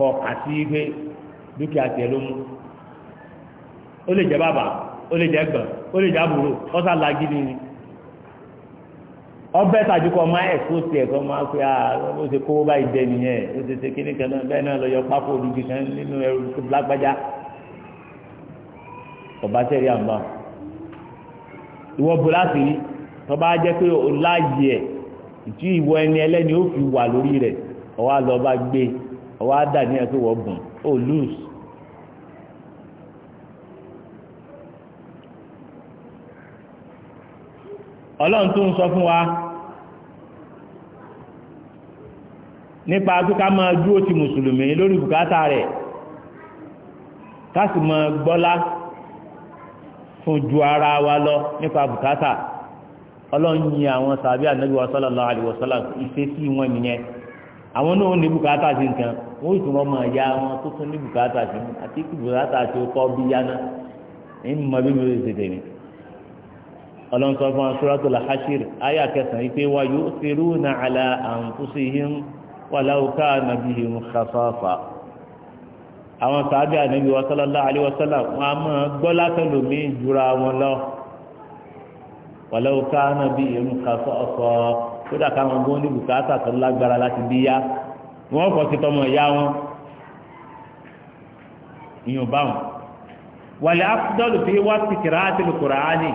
kọ àti ihe dúkìá tiẹ̀ ló mú ó lè jẹ́ bàbá ó lè jẹ́ gbọ̀n ó lè jẹ́ àbúrò ọ̀sà làgídí ni ọbẹ̀ tàbí kọ́ máa ẹ̀kọ́ sí ẹ̀kọ́ máa pé ah, ó ṣe kówó báyìí jẹ nìyẹn ó ṣe ṣe kíní kan náà náà lọ yọ pápó olùdí kan nínú ẹrù tó lágbájá ọba tẹ̀lé àmbá ìwọ láti rí ọwọ́ á dà ní ẹ wọ́n bùn ó lose. ọlọ́run tó ń sọ fún wa nípa pé ká máa dúró ti mùsùlùmí lórí bùkátà rẹ̀ ká sì máa gbọ́lá fún ju ara wa lọ nípa bùkátà ọlọ́run yin àwọn sàbí ànábì wa sallallahu alaihi wa sallam ìfésí wọn nìyẹn àwọn náà ní bùkátà sí nǹkan wọn yìí tún wọn máa ya wọn tó tún ní bùkátà sí mi àti kí bùkátà sí kọ́ bí yáná ní mímọ̀ bí mi ò tètè mi. ọlọ́run sọ fún Suratul Hashir ayé akẹsàn-án yìí pé wa yu'thiruna ala anfusihim walau kana bihim khasasa. àwọn sàábì ànábi wa sallallahu alaihi wa sallam wọn a máa gbọ́ látọ̀lómi jura wọn lọ walau kana bihim khasasa kódà káwọn gbọ́n ní bùkátà tó lágbára láti bí yá wọ́n kọ́ sí tọmọ ìyá wọn ìyàn bá wọn. wàlẹ̀ afdọ́lù fi wá sí kìráàtì lùkùránì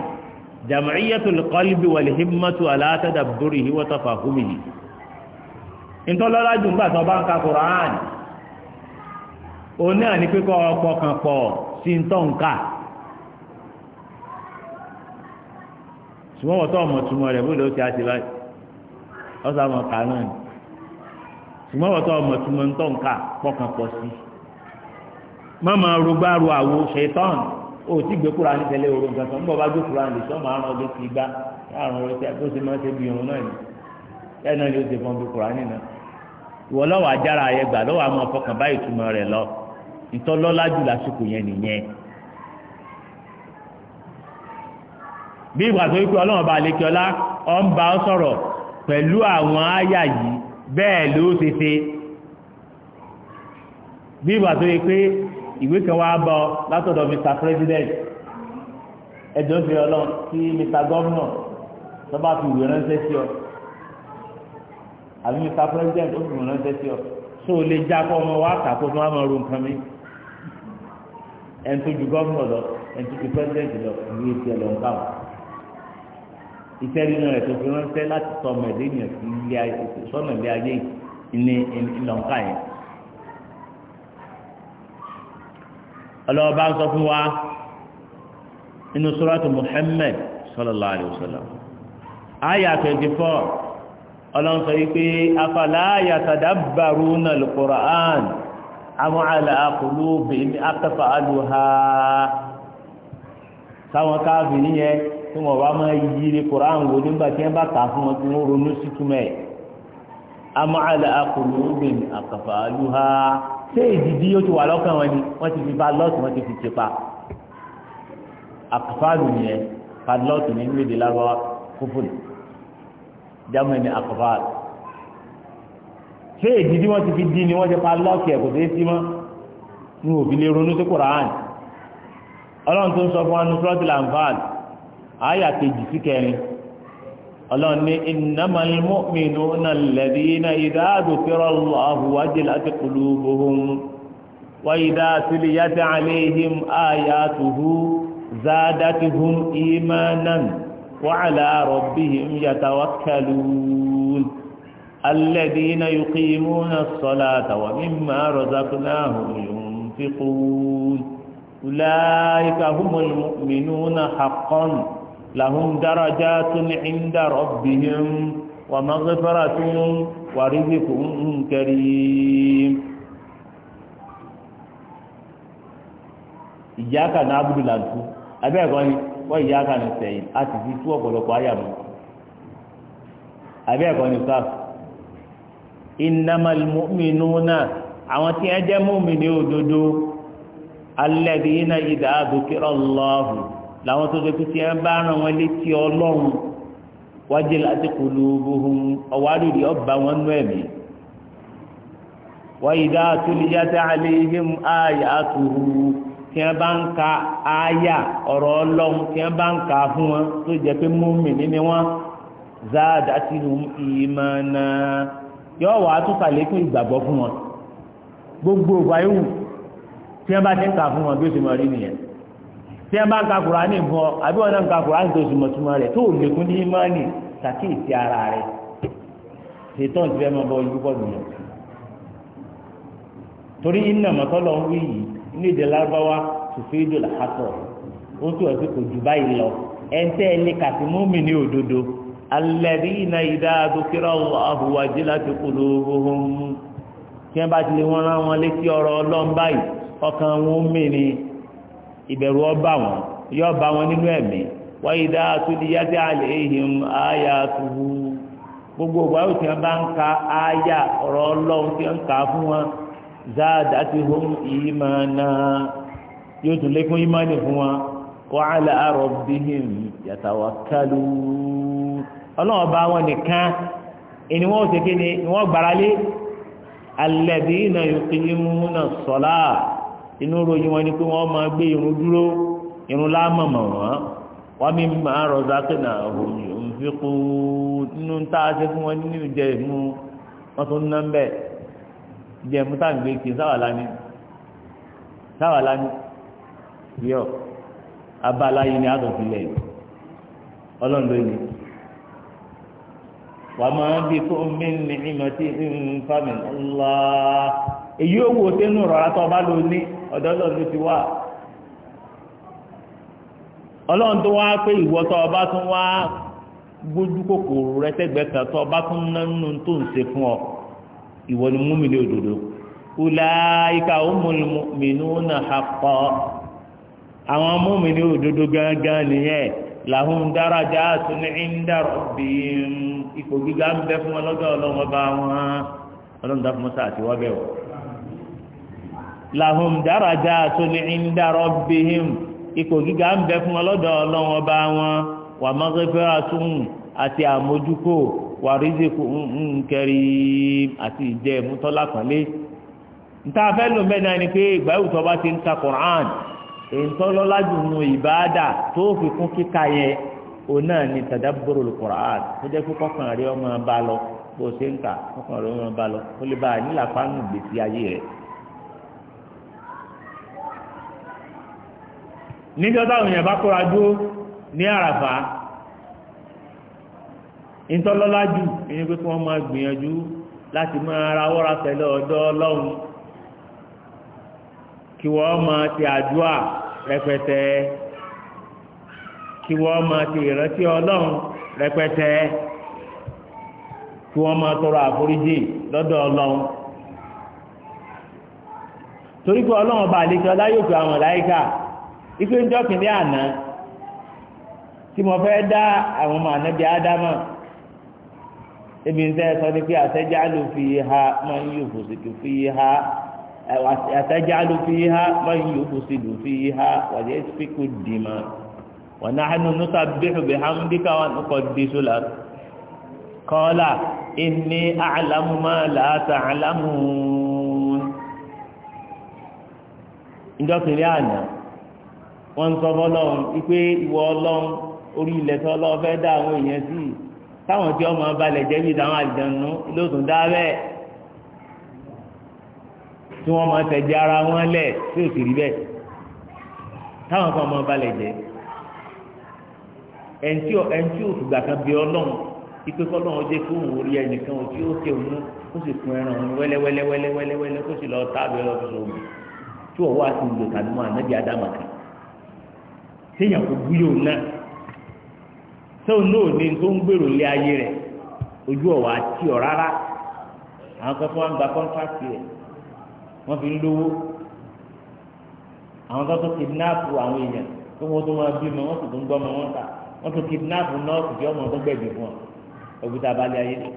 jàmùíyàtò lùkọ́lùbì wàlẹ̀ himmatu alátàdà bórí ìwọ́tà fàkúmì yìí. ìtọ́lọ́lá jù ńgbà tó bá ń ka kùránì òun náà ní pípọ́ ọkọ̀ kan pọ̀ sí ń tọ́ nǹka. ṣùgbọ́n wọ́n tọ́ ọmọ túmọ̀ rẹ̀ bó ló ti á báyìí ọ̀sà mọ̀ ká náà ni ṣùgbọ́n wọ́n tó ọmọ tí mo ń tọ̀ ń kà pọ̀kan pọ̀ sí má máa rúgbàrú àwo ṣetán ó ti gbé kúrò ní tẹ́lẹ̀ orun kankan nígbà bá gbé kúrò ní sọ máa rán ọdún sí igbá láàrún orí tẹ bó ṣe máa ṣe bí irun náà ni bẹ́ẹ̀ náà ni ó ṣe fọ́n gbé kúrò nínú ìwọ lọ́wọ́ ajára ayẹ gbà lọ́wọ́ àmọ́ ọkàn báyìí túmọ̀ rẹ̀ lọ ìtọ́lọ́lájú lásìkò yẹn nìyẹn bí ìgbà tó yí pé ọlọ́run bá lè ọ̀ ń bá ọ sọ̀rọ̀ pẹ̀lú àwọn àyà yìí bẹ́ẹ̀ ló ṣe ṣe bí ìgbà tó yẹ pé ìwé kan wá bọ látọ̀dọ̀ Mr President ẹjọ́ fi ọlọ́run sí Mr Governor tó bá fi ìwé ránṣẹ́ sí ọ àbí Mr President ó fi ìwé ránṣẹ́ sí ọ tó o lè já kọ́ ọmọ wa kàkó tó wá máa ro nǹkan mi ẹni tó ju Governor lọ ẹni tó ju President lọ ìwé tiẹ̀ lọ ń bá wọn iṣẹ́ nínú rẹ̀ tó fi ránṣẹ́ láti tọ́ ọmọ ẹ̀dẹ́ ènìyàn sí ilé ayé sọ́nà ilé ayé ní ìlọ́nkà yẹn. ọlọ́ọ̀bá ń sọ fún wa nínú suratu Muhammad sallallahu alayhi wa sallam àyà twenty four ọlọ́run sọ yìí pé afala yatadabbaruna al-Qur'an am ala qulubin aqfa'aluha sáwọn káàbì nìyẹn tí wọ́n bá máa yiri koran wo nígbà tí wọ́n bá kà fún wọn tí wọ́n ronú sí túmẹ̀ amáhàlà akọlù obìnrin àkàfà lùhà ṣé ìdìdí yóò ti wà lọ́kàn wọn ni wọ́n ti fi bá lọ́ọ̀tì wọ́n ti fi ti pa àkàfà lù yẹn pa lọ́ọ̀tì ní ìlú èdè lárúbáwá kúfùrù jámẹ́ ni àkàfà ṣé ìdìdí wọ́n ti fi dín ni wọ́n ti pa lọ́ọ̀tì ẹ̀ kò sí sí mọ́ ní òfin lè ronú sí koran ọlọ́run tó ń sọ fún wa ní sọ́ọ̀tì làǹfààní àyà kejì sí kẹrin ọlọ́run ní innamal mu'minuna alladhina idha dhukira Allahu wajilat qulubuhum wa idha tuliyat alayhim ayatuhu zadatuhum imanan wa ala rabbihim yatawakkalun alladhina yuqimuna as-salata wa mimma razaqnahum yunfiqun ulaika humul mu'minuna haqqan. لهم درجات عند ربهم wa ورزق كريم. rizqun karim iyyaka na'budu lantu abe ko ni wa iyyaka nasta'in àti fi tú ọ̀pọ̀lọpọ̀ aya mu abe ko ni saf innamal mu'minuna àwọn tí ẹ jẹ́ mu'mini òdodo alladhina idha dhukira Allahu làwọn tó ṣe pé tí wọ́n bá rán wọn létí ọlọ́run wájú láti kulu bohun ọ̀wárìrì ọba wọn nú ẹ̀mí. wáyé dá tuliyata alayhim ayatuhu tí wọ́n bá ń ka aya ọ̀rọ̀ ọlọ́run tí wọ́n bá ń ka fún wọn tó jẹ́ pé mùmínì ni wọ́n zaadatilum imana yóò wá túnṣàlékún ìgbàgbọ́ fún wọn gbogbo ìgbà yòówù tí wọ́n bá ti ń kà fún wọn bí ó ti mọ̀ rí nìyẹn. tí wọn bá ń ka kùránì fún ọ àbí wọn náà ń ka tó sùn mọ̀túnmọ̀ rẹ̀ tó lékún ní ìmánì kàkí ara rẹ̀ ṣètọ́n ti fẹ́ máa bọ ojú pọ̀jù torí iná mọ̀tọ́lọ̀ ń wí yìí ní èdè lárúbáwá tùfẹ́ ìdò làkàtọ̀ ó tún lọ ẹ̀ńtẹ́ ẹni múmi ní òdodo iná ìdá adókèrè láti ìbẹ̀rù ọba wọn yóò bá wọn nínú ẹ̀mí wáyé dá atúndíyájá àlẹ́ ìhìn àyà tuhu gbogbo ìwáyò tí wọn bá ń ka àyà ọ̀rọ̀ ọlọ́run tí wọn ń kà fún wọn záàdá ti hóm náà yóò tún lékún fún wọn wa ala rabbihim yatawakkalu ọlọ́run bá wọn nìkan ìní wọn ò ṣe kí ni wọn gbára lé inú ròyìn wọn ni pé wọ́n máa gbé irun dúró irun láàmọ̀mọ̀ wọ́n wọ́n mi máa rọ̀zá pé nà òun fi kú nínú tá a ṣe fún wọn nínú ìjẹ ìmú wọn tún ná ń ìjẹ ìmú yọ abala yìí ni àtọ̀ sílẹ̀ yìí yìí wà máa bí kó mi ní ìmọ̀ tí ń ọba ọ̀dọ̀ ọlọ́run ló ti wá ọlọ́run tó wá pé ìwọ tó ọba tún wá gbójú kòkòrò rẹ tẹ́gbẹ̀ẹ́ kan tó ọba tún ná nínú tó ń ṣe fún ọ ìwọ ni múmi ní òdòdó ulaika humul mu'minuna haqqan àwọn múmi ní òdòdó gángan nìyẹn lahum darajatun 'inda rabbihim ipò gíga ń bẹ fún ọlọ́dọ̀ ọlọ́run wọn ọlọ́run dá fún mọ́tà àti wọ́bẹ̀ wọ̀ lahum darajatun inda rabbihim ipò gíga ń bẹ fún ọlọ́dọ̀ ọlọ́run ọba wọn wa maghfiratun àti àmójúkò wa rizqun karim àti ìjẹ́ ìmútọ́lá kanlé níta fẹ́ lò mẹ́ta ni pé ìgbà ìwùtọ́ bá ti ń ta Qur'an èyí tó lọ́lá jù nù ìbáàdà tó fi kún kíkà yẹn o náà ni tadabburu quran tó jẹ́ kókó kan bá lọ bó ṣe ń kà kókó bá lọ kó lè bá a nílà fánù gbèsè ayé rẹ̀ níjọ́ táwọn èèyàn bá kóra dúró ní àràfà ìtọ́lọ́lá jù ẹni pé kí wọ́n máa gbìyànjú láti máa ra wọ́ra pẹ̀lú ọ̀dọ́ ọlọ́run kí wọ́n máa ti àdúà rẹpẹtẹ kí wọ́n máa ti ìrántí ọlọ́run rẹpẹtẹ kí wọ́n máa tọrọ àforíjì lọ́dọ̀ ọlọ́run torí pé ọlọ́run bá àlejò ọlá yóò fi àwọn láyíká ife ń jọ́kìn ní àná tí mo fẹ́ dá àwọn ọmọ ànábi ádámà ebi ń sẹ́ sọ ni pé àtẹ́já ló fi ha máa ń yòókù sí kò fi ha àtẹ́já ló fi ha máa ń yòókù sí kò fi ha wàjẹ́ fíkù dìímà wa nahnu nusabbihu bihamdika wa nuqaddisu lak qala inni a'lamu ma la ta'lamun ìjọ́kìn ní àná wọ́n ń sọ fọ́lọ́run wípé ìwọ ọlọ́run orí ilẹ̀ tó ọlọ́run fẹ́ dá àwọn èèyàn sí i táwọn tí ọmọ balẹ̀ jẹ́ bí táwọn àjẹnú lóòtún dá bẹ́ẹ̀ tí wọ́n máa tẹ̀jẹ́ ara wọn lẹ̀ tí ò sì rí bẹ́ẹ̀ táwọn kan ọmọ balẹ̀ jẹ́ ẹ̀ǹtí ẹ̀ǹtí òtùgbà kan bí ọlọ́run ipe kọ́lọ́run jẹ́ kó òun orí ẹnìkan òtí ó ṣe òun ó sì kun ẹran òun wẹ́lẹ́wẹ́lẹ́wẹ́lẹ́wẹ́lẹ́ kó sì lọ tábìlì ọ̀ṣọ́ òun tí òun wá sí ìlò tàbí mọ́ ànábì ádámà kan téèyàn kò búyò náà tóun náà ní tó ń gbèrò lé ayé rẹ̀ ojú ọ̀wà àti ọ̀ rárá àwọn kan tó wá ń gba kọ́ńtrákì rẹ̀ wọ́n fi ń lówó àwọn kan tó kidinapu àwọn èèyàn tó wọ́n tó wọ́n bímọ wọ́n sì tó ń gbọ́mọ wọn ta wọ́n tó kidinapu nọ́ọ̀sì tí ọmọ tó gbẹ̀bí fún ọ òkúta abalẹ̀ ayé ni.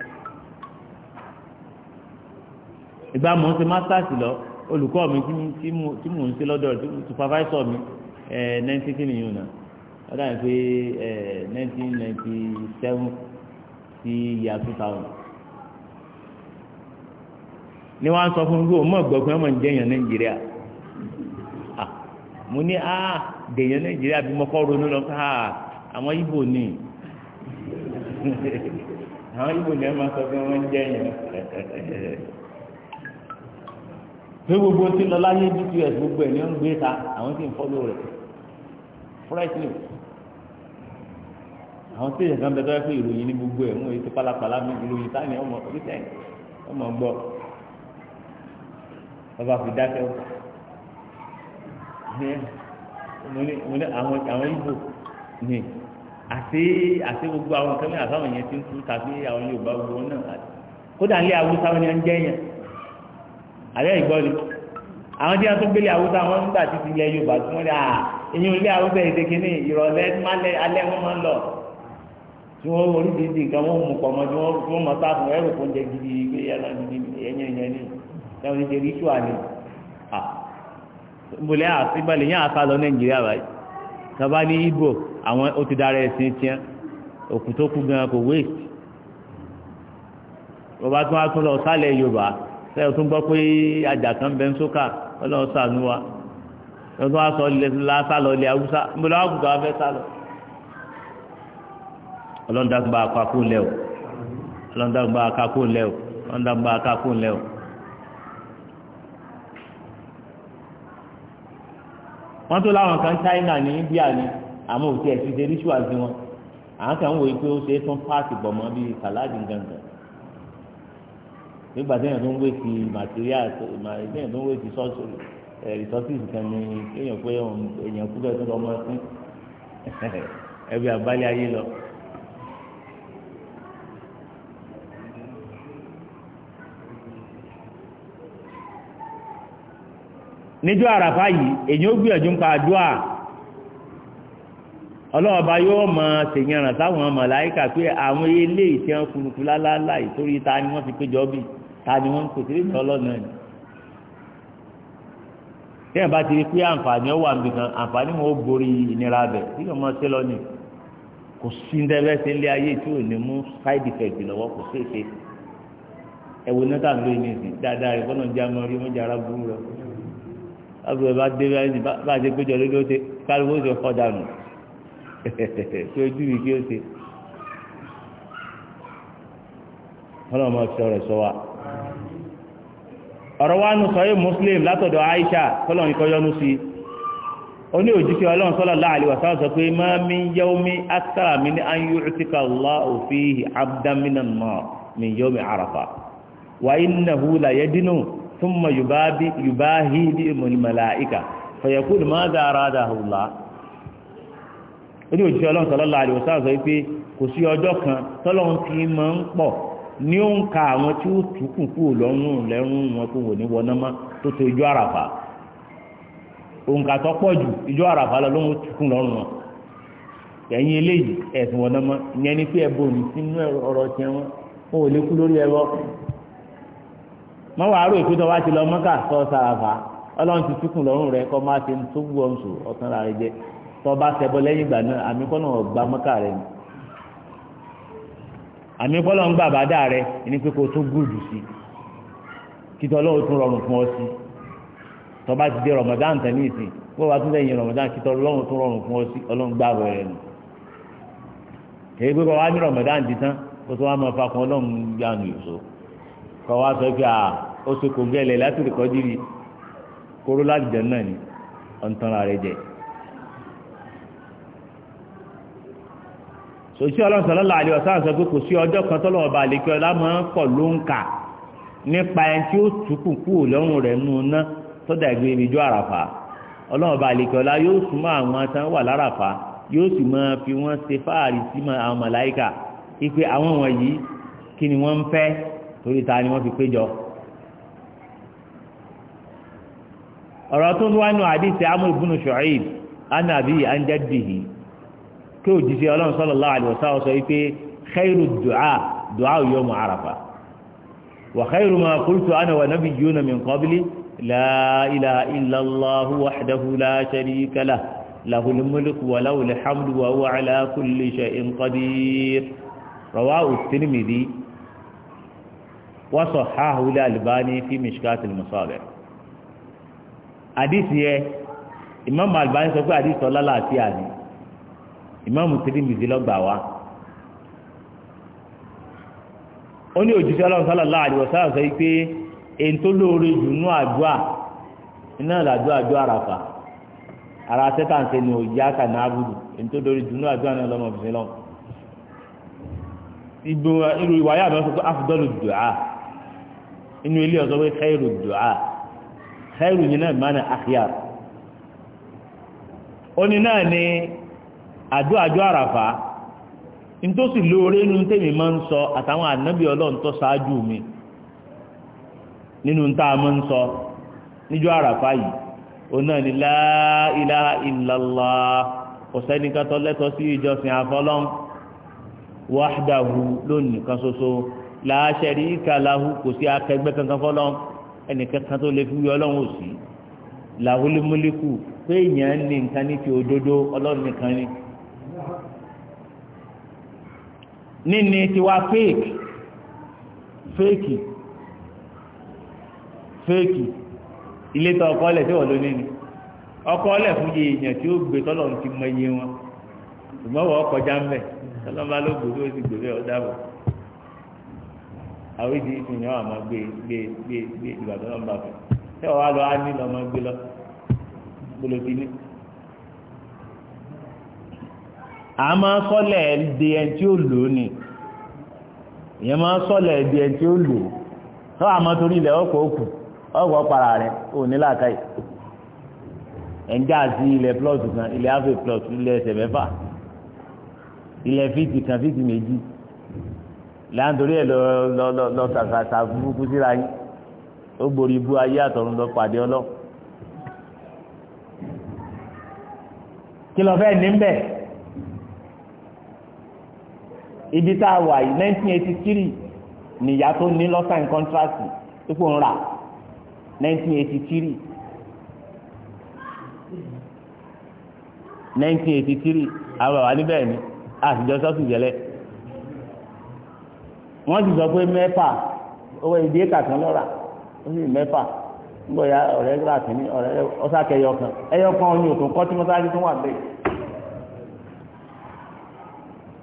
ìgbà mò ń ṣe masters lọ olùkọ́ mi tí mò ń ṣe lọ́dọ̀ rẹ̀ tí mo supervisor mi Eh, ninety kìíní yìí dàbí pé nineteen ninety seven sí ya two thousand ni wọ́n sọ fún mi pé òun mọ̀ gbọ̀gbọ́n ọmọ ìjẹyàn nàìjíríà mo ní a dèyàn nàìjíríà bí mo kọ́ ronú àwọn ibo ni (laughs) àwọn ibo ni ẹ máa sọ pé wọ́n ń jẹyàn pé gbogbo tí lọ láyé bts gbogbo ẹ̀ ni wọ́n ń gbé ta àwọn tí ń fọ́lọ́ rẹ̀. frightening àwọn tí èèyàn kan bẹ tọ́jú pé ìròyìn ní gbogbo ẹ̀ wọ́n ti pálapàla mi ìròyìn táyà ọmọ oríṣẹ́ ọmọ gbọ́ bàbá fi dákẹ́ ó mo ní àwọn ibo ni àti àti gbogbo àwọn nǹkan mìíràn àtàwọn yẹn ti ń tú tàbí àwọn Yorùbá gbogbo náà kódà ń awúsá wọn ni wọn ń jẹ yẹn àlẹ́ ìgbọ́ ni àwọn tí wọn tún gbélé awúsá wọn nígbà tí ti lẹ Yorùbá tí wọn rí àá ìyún ilé arúgbó ìdèkínní ìrọ̀lẹ́ málẹ̀ alẹ́ wọn máa ń lọ tí wọ́n orí dídì nǹkan wọn mú pọ̀ mọ́ tí wọ́n fún ọmọ sáà fún ẹrù fún jẹ gidi pé ẹran gidi ẹyẹ ẹyẹ ni ẹran gidi ríṣù àlè à mbọlẹ́ àfibàlẹ̀ yẹn àfa lọ nàìjíríà báyìí sábà ní ibo àwọn ó ti dára ẹ̀sìn tiẹ́ òkú tó kú gan kò wéèkì bàbá tí wọ́n á tún lọ sálẹ̀ yorùbá sẹ́yìn tó ń gbọ́ pé àjà ọlọ́run ṣàánú wa lọ́tọ́ wá sọ ilé ńlá sálọ ilé haúsá níbo lọ́wọ́ àbùdá wa fẹ́ sálọ. ọlọ́ndàgbà kakó lẹ́ o ọlọ́ndàgbà kakó lẹ́ o ọlọ́ndàgbà kakó lẹ́ o. wọ́n tó láwọn kan China ní India ní àmọ́ òtí ẹ̀ ti ṣe ritual sí wọn àwọn kan wòye pé ó ṣe é tún páàkì bọ̀ mọ́ bíi kàláàdì gangan nígbà tí èèyàn tó ń wé ti material tí èèyàn tó ń wé ti sọ́ọ̀sì rẹ̀. Eh, resources kan ní kéèyàn pé èèyàn kú bẹ́ẹ̀ tó lọ mọ́ sí (laughs) ẹbí àbálẹ̀ ayé lọ. níjọ́ àràfá yìí èyàn ó gbìyànjú ń pa àdúà ọlọ́ọ̀bá yóò mọ ṣèyànràn táwọn màláíkà pé àwọn ilé ìtẹ́ funfun lálálá ìtorí ta ni wọ́n fi péjọ bí ta ni wọ́n ń pè sílẹ̀ ọlọ́nà yìí tẹ́yìn bá ti rí pé àǹfààní ọwọ́ àmì kan àǹfààní wọn ó borí ìnira bẹ̀ tí yóò máa ṣe lọ ni kò sí ní ẹgbẹ́ ṣe ń lé ayé tí ò ní mú side effect lọ́wọ́ kò sí èké ẹ̀wò náà tà ń lé ní ìsìn dáadáa rẹ̀ fọ́nà jẹ́ amọ̀ rí wọ́n jẹ́ ara burú rẹ̀ lábúrò ẹ̀ bá dé báyìí ní bá ṣe péjọ lórí ó ṣe káríwó ṣe fọ́ dànù tí (laughs) ojú mi kí ó ṣe fọ́nà ọmọ ṣọ̀rọ̀ sọ wa ọ̀rọ̀ wá nù sọ́yẹ́ muslim látọ̀dọ̀ aisha kọ́lọ̀n ìkọyọnú sí ó ní òjíṣẹ́ ọlọ́run sallallahu alaihi wasallam sọ pé ma min yawmi akthara min an yu'tika Allahu fihi abdan minan nar min yawmi arafa wa innahu la yadinu thumma yubabi yubahi bi malaika fa yaqulu madha arada ní òjíṣẹ́ ọlọ́run sallallahu alaihi wasallam sọ pé kò sí ọjọ́ kan tọ́lọ́run ní ó ń ka àwọn tí ó tù kù kú lọ́rùn lẹ́rùn wọn tó wò ní wọná mọ́ tó tó ijó àràfà òǹkà tó pọ̀ jù ijó àràfà lọ ló ń tù kù lọ́rùn wọn ẹ̀yin eléyìí ẹ̀sìn wọná mọ́ ìyẹn ni pé ẹbọ òní sínú ọ̀rọ̀ tiẹ̀ wọn wọn ò kú lórí ẹbọ mọ́ rò ti lọ mọ́kà sọ sàràfà ọlọ́run ti lọ́rùn rẹ kọ́ àmì bọ́lọ̀ ń gbà bá dà rẹ ní pé kó tún gùdù sí kìtọ́ lọ́wọ́ tún rọrùn fún ọ sí tọ́ba ti dé Ramadan tẹ̀ ní ìsìn wọ́n wá tún lẹ́yìn Ramadan kìtọ́ lọ́wọ́ tún rọrùn fún ọ sí ọlọ́run gbà wọ̀ rẹ nù èyí pé kọ́ wá ní Ramadan ti tán kó tó wá máa fa kan ọlọ́run gbà ìṣó kọ́ wá sọ pé ó ṣe kò gẹ́lẹ̀ látìrìkọ́jú rí kóró láti jẹ náà ni ọ̀ ń tanra rẹ jẹ sòsí ọlọ́run sallallahu alaihi wasallam sọ pé kò sí ọjọ́ kan tọ́lọ́ ọba àlekẹ́ ọlá máa ń pọ̀ ló ń kà nípa ẹni tí ó túkù kúrò lọ́rùn rẹ̀ nù ná sọ́dà ìgbé ibi jọ àràfà ọlọ́run ọba àlekẹ́ ọlá yóò súnmọ́ àwọn tán wà láràfà yóò sì máa fi wọ́n ṣe fáàrí sí àwọn màláìkà ipe àwọn wọ̀nyí kí ni wọ́n ń fẹ́ torí ta ni wọ́n fi péjọ. ọ̀rọ̀ tó ń wá nù àdìsí tí òjíṣẹ́ ọlọ́run sallallahu alaihi wasallam sọ wípé khairu du'a du'a yawm arafa wa khairu ma qultu ana wa nabiyyuna min qabli la ilaha illa allah wahdahu la sharika lah lahul mulku wa lahul hamdu wa huwa ala kulli shay'in qadir rawahu at-tirmidhi wa sahhahu al-albani fi mishkat al-masabih hadith ye albani sọ pé hadith ọlọ́lá àti àní ìmáàmù Tirmidhi lọ́gbà wa ó ní òjíṣẹ́ ọlọ́run sallallahu alaihi wasallam sọ pé èyí tó lóore jù nú àdúà iná làdúà àdúà àràfà ara sẹ́tàǹsì ni òjì àkà náà abudu èyí tó lóore jù nú àdúà náà lọ́mọ òfin lọ́wọ́ ìgbò irú ìwáyà mi sọ pé afdọ́lù dùá inú ilé ọ̀sọ́ pé khairu dùá khairu yìí náà mánà akhyar ó ní náà ní àjọ àjọ àràfà nítòsí lóore nínú tèmi máa ń sọ àtàwọn ànábì ọlọ́run tó ṣáájú mi nínú tá a máa ń sọ níjọ́ àràfà yìí òun náà ni la ilaha illallah kò sẹ́nìkan tó lẹ́tọ̀ọ́ sí ìjọsìn àfọlọ́n wàhádàhù lónìí kan ṣoṣo la sharika lahu kò sí akẹgbẹ́ kankan fọlọ́n ẹnìkankan tó lè fi wí ọlọ́run òsì làhùlùmúlíkù pé èèyàn ní nǹkan ní ti òdodo ọlọ́run nìkan ni. Kanito, níní tiwa fake fake fake ilé tó ọkọ lẹ̀ tí wọ́n ló fún èèyàn tí ó gbé tọ́lọ̀ ti mọ iye wọn ṣùgbọ́n wọ́n kọjá ń bẹ̀ tọ́lọ́mbà ló gbòdó ó sì gbòdó ọ̀dà bọ̀ àwọn ìdí ìfihàn àmọ́ gbé gbé gbé gbé ìgbà tẹ́wọ́ àmọ́ sọ́lẹ̀ di ẹni tí ó lò ní ìyẹn máa sọ́lẹ̀ di ẹni tí ó lò tó àmọ́ torí ilẹ̀ ọkọ̀ òkú ọkọ̀ para rẹ̀ ò ní làákàyè ẹ̀ńjà sí ilẹ̀ plus kan ilẹ̀ áfẹ́ plọ̀tù ilẹ̀ ẹsẹ̀ mẹ́fà ilẹ̀ fíìtì kan fíìtì méjì láà nítorí ẹ̀ lọ sàkàsà burúkú síra yín ó borí ibú ayé àtọ̀run lọ pàdé ọlọ́ kí lọ fẹ́ ní bẹ́ẹ̀. ibi tá a wà yìí nineteen eighty three nìyá tó ní lọ́sàn contract ipò ńlá nineteen eighty three nineteen eighty three àwọn bàbá níbẹ̀ ni àtijọ́ sọ́ọ̀tù jẹ́lẹ̀ wọ́n ti sọ pé mẹ́fà owó ìdí èkà kan lọ́ra ó sì mẹ́fà nígbà ọ̀rẹ́ gbà kínní ọ̀rẹ́ ọ̀sàkẹ́yọ kan kan ọ̀yìn kọ́ tí tó wà bẹ́ẹ̀.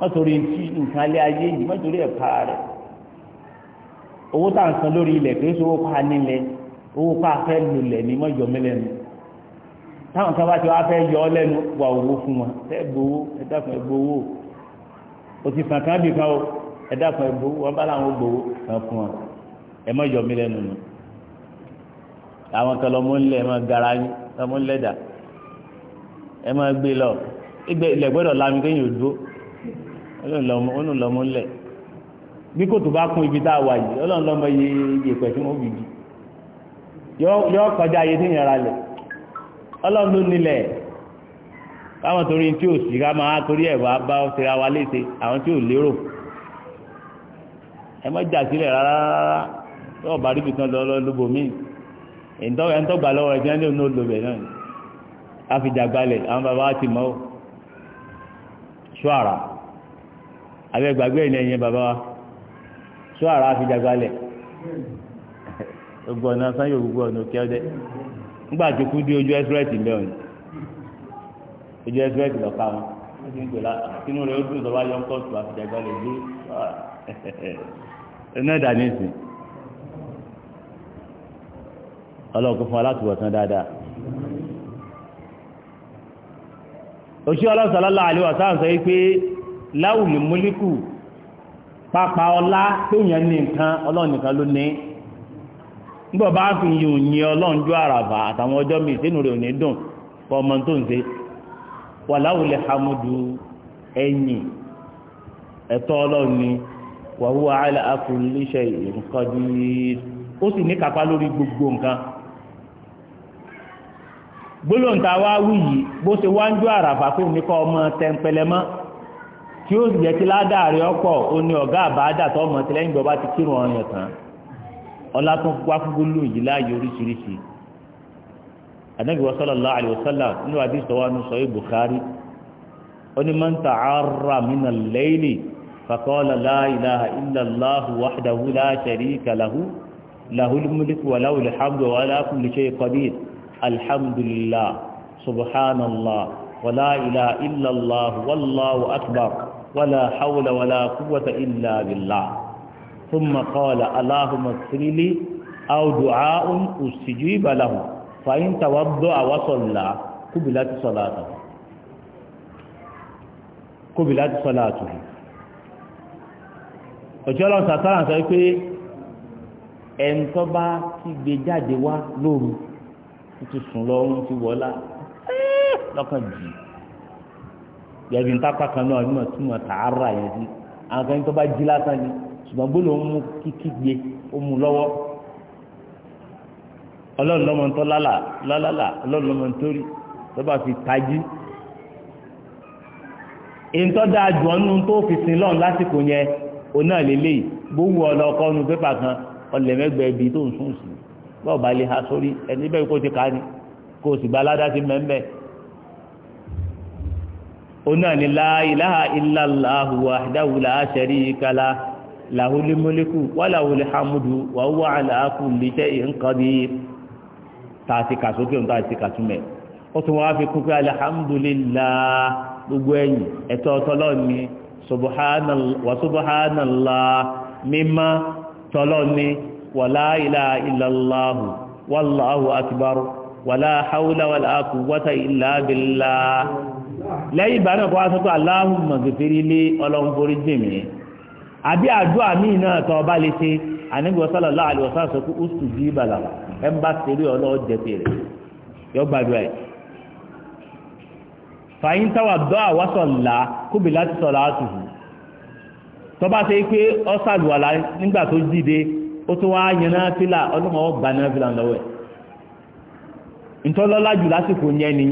mọ́tòrí tí nǹkan alẹ́ ayé yìí mọ́tòrí ẹ̀ para rẹ̀ owó tá à ń san lórí ilẹ̀ kì í ṣe owó pa nílẹ̀ owó pa fẹ́ lulẹ̀ ní mọ́jọ mẹ́lẹ́nu táwọn kan bá ti wá fẹ́ yọ ọ lẹ́nu wà owó fún wọn ẹ gbowó ẹ dákun ẹ gbowó o ti sàn kán bì kan o ẹ dákun ẹ gbowó wọn bá làwọn gbowó kan fún wọn ẹ mọ́jọ mẹ́lẹ́nu nù àwọn kan lọ́mọ ńlẹ̀ ẹ máa gara yín lọ́mọ ńlẹ̀ dà ẹ máa gbé lọ ilẹ̀ gbọ́dọ̀ lami kéèyàn dúró ọlọ́run lọ́mọ ńlẹ̀ bí kòtò bá kún ibi tá a wà yìí ọlọ́run lọ́mọ iye ìyẹ̀pẹ̀ tí wọ́n fi jì yọ kọjá iye tí ìyàrá lẹ̀ ọlọ́run ló nílẹ̀ káwọn torí tí ò sí ká máa torí ẹ̀ wá bá ọ tẹ̀ra wa léṣe àwọn tí ò lérò ẹ mọ́ jà sílẹ̀ rárá rárá tó ọ̀bà ríbi kan lọ lóbo míì ìtọ́wẹ̀ ń tọ́gbà lọ́wọ́ ẹ̀jẹ̀ ní òun bẹ̀ náà àfìjàgbalẹ̀ àwọn bàbá wa ti mọ́ ṣọ́ àrà. a gbàgbé ẹ̀yìn ẹ̀yìn bàbá wa sọ ara fi dàgbàlẹ̀ gbogbo ọ̀nà sáyẹ̀ gbogbo ọ̀nà òkè ọdẹ nígbà tó kú dé ojú ẹsẹ̀rẹ̀tì mbẹ́ òní ojú ẹsẹ̀rẹ̀tì lọ́ka wọn kínú rẹ̀ ó dùn sọ́wọ́ ayọ́ kọ́ọ̀tù àfi dàgbàlẹ̀ gbé ẹ̀nà ìdáni ìsìn ọlọ́ọ̀kọ́ fún alátùwọ̀tán dáadáa òṣìṣẹ́ ọlọ́sàlálà àlè wà sọ yìí pé láwùlì múlíkù pápá ọlá tó yẹn ní nǹkan ọlọ́run nìkan ló ní nígbà bá fi yìí yin ọlọ́run ju àràbà àtàwọn ọjọ́ mi sínú rẹ̀ ò ní dùn fún ọmọ tó ń ṣe wà láwùlì hamudu ẹ̀yìn ẹ̀tọ́ ọlọ́run ni wa huwa ala kulli shay'in qadir ó sì ní kápá lórí gbogbo nǹkan gbólóǹtà wá wí yìí bó ṣe wá ń ju àràbà fún mi kọ́ ọmọ tẹ́ńpẹ́lẹ́mọ́ tí ó jẹ́ ti ládàárí ọ̀pọ̀ ó ní ọ̀gá ọmọ tìlẹ́yìn bọ́ bá ti kírun ọ̀rìn ẹ̀tàn ọlá tó wá fún gbólú yìí láàyè oríṣiríṣi anabi wa sallallahu alayhi wa sallam nínú àdìs tó wà ní sọ́yìn Bukhari ó ní man ta'arra mina al-layli faqala la ilaha illa allah wahdahu la sharika lahu hamdu wa ala kulli shay'in subhanallah wa la ilaha akbar. ولا حول ولا قوة إلا بالله ثم قال اللهم اغفر لي أو دعاء استجيب له فإن توضأ وصلى قبلت صلاته قبلت صلاته òjọ́lọ́ sàtàrà sọ pé ẹ̀ńtọ́ bá ti gbé jáde wá lóru ti sùn lọ́rùn ti wọ́lá lọ́kàn jìí yẹbi ń tápá kan náà onímọ̀ túmọ̀ tààrà yẹn sí àwọn kan tó bá jí lásán ni ṣùgbọ́n gbọ́dọ̀ ń mú kíkígbe ó mú lọ́wọ́ ọlọ́run lọ́mọ tó lálà lálàlà ọlọ́run lọ́mọ tó rí tó bá fi tají èyí tó dáa jù ọ́nù tó fi sin lọ́run lásìkò yẹn òun náà gbówó ọlọ́kọ́ pépà kan ọlẹ́mẹ́gbẹ́ ibi tó ń sùn sí bọ́ọ̀ lè ha sórí ẹni bẹ́ẹ̀ kó ti ká ni kó o sì gba aládàá ti mẹ́mẹ́ onáà ni la ilaha illallahu wahdahu la sharika lah lahul mulku wa lahul hamdu wa huwa ala kulli shay'in qadir tààtì kàsókè ń tààtì kàtúmẹ̀ ó tún wáá fi kún pé alhamdulillah gbogbo ẹ̀yìn ẹ̀tọ́ ọtọlọ́ọ̀ni wa subhanallah mímá tọlọ́ọ̀ni wa la ilaha illallahu lẹ́yìn ìgbà náà kó wá sọ pé Allahumma ghfirli lé ọlọ́run forí àbí àdúrà míì náà tọ́ ọba lè ṣe àníbi sallallahu alaihi sọ pé ó sùn bí ẹ̀ ń bá ṣeré yọ gbàdúrà fàyín táwà dọ́ kóbi láti sọ tọ́ba ṣe pé ọ́sàlùwàlá nígbà tó dìde ó tún wá yẹnà fílà fílà lọ́wọ́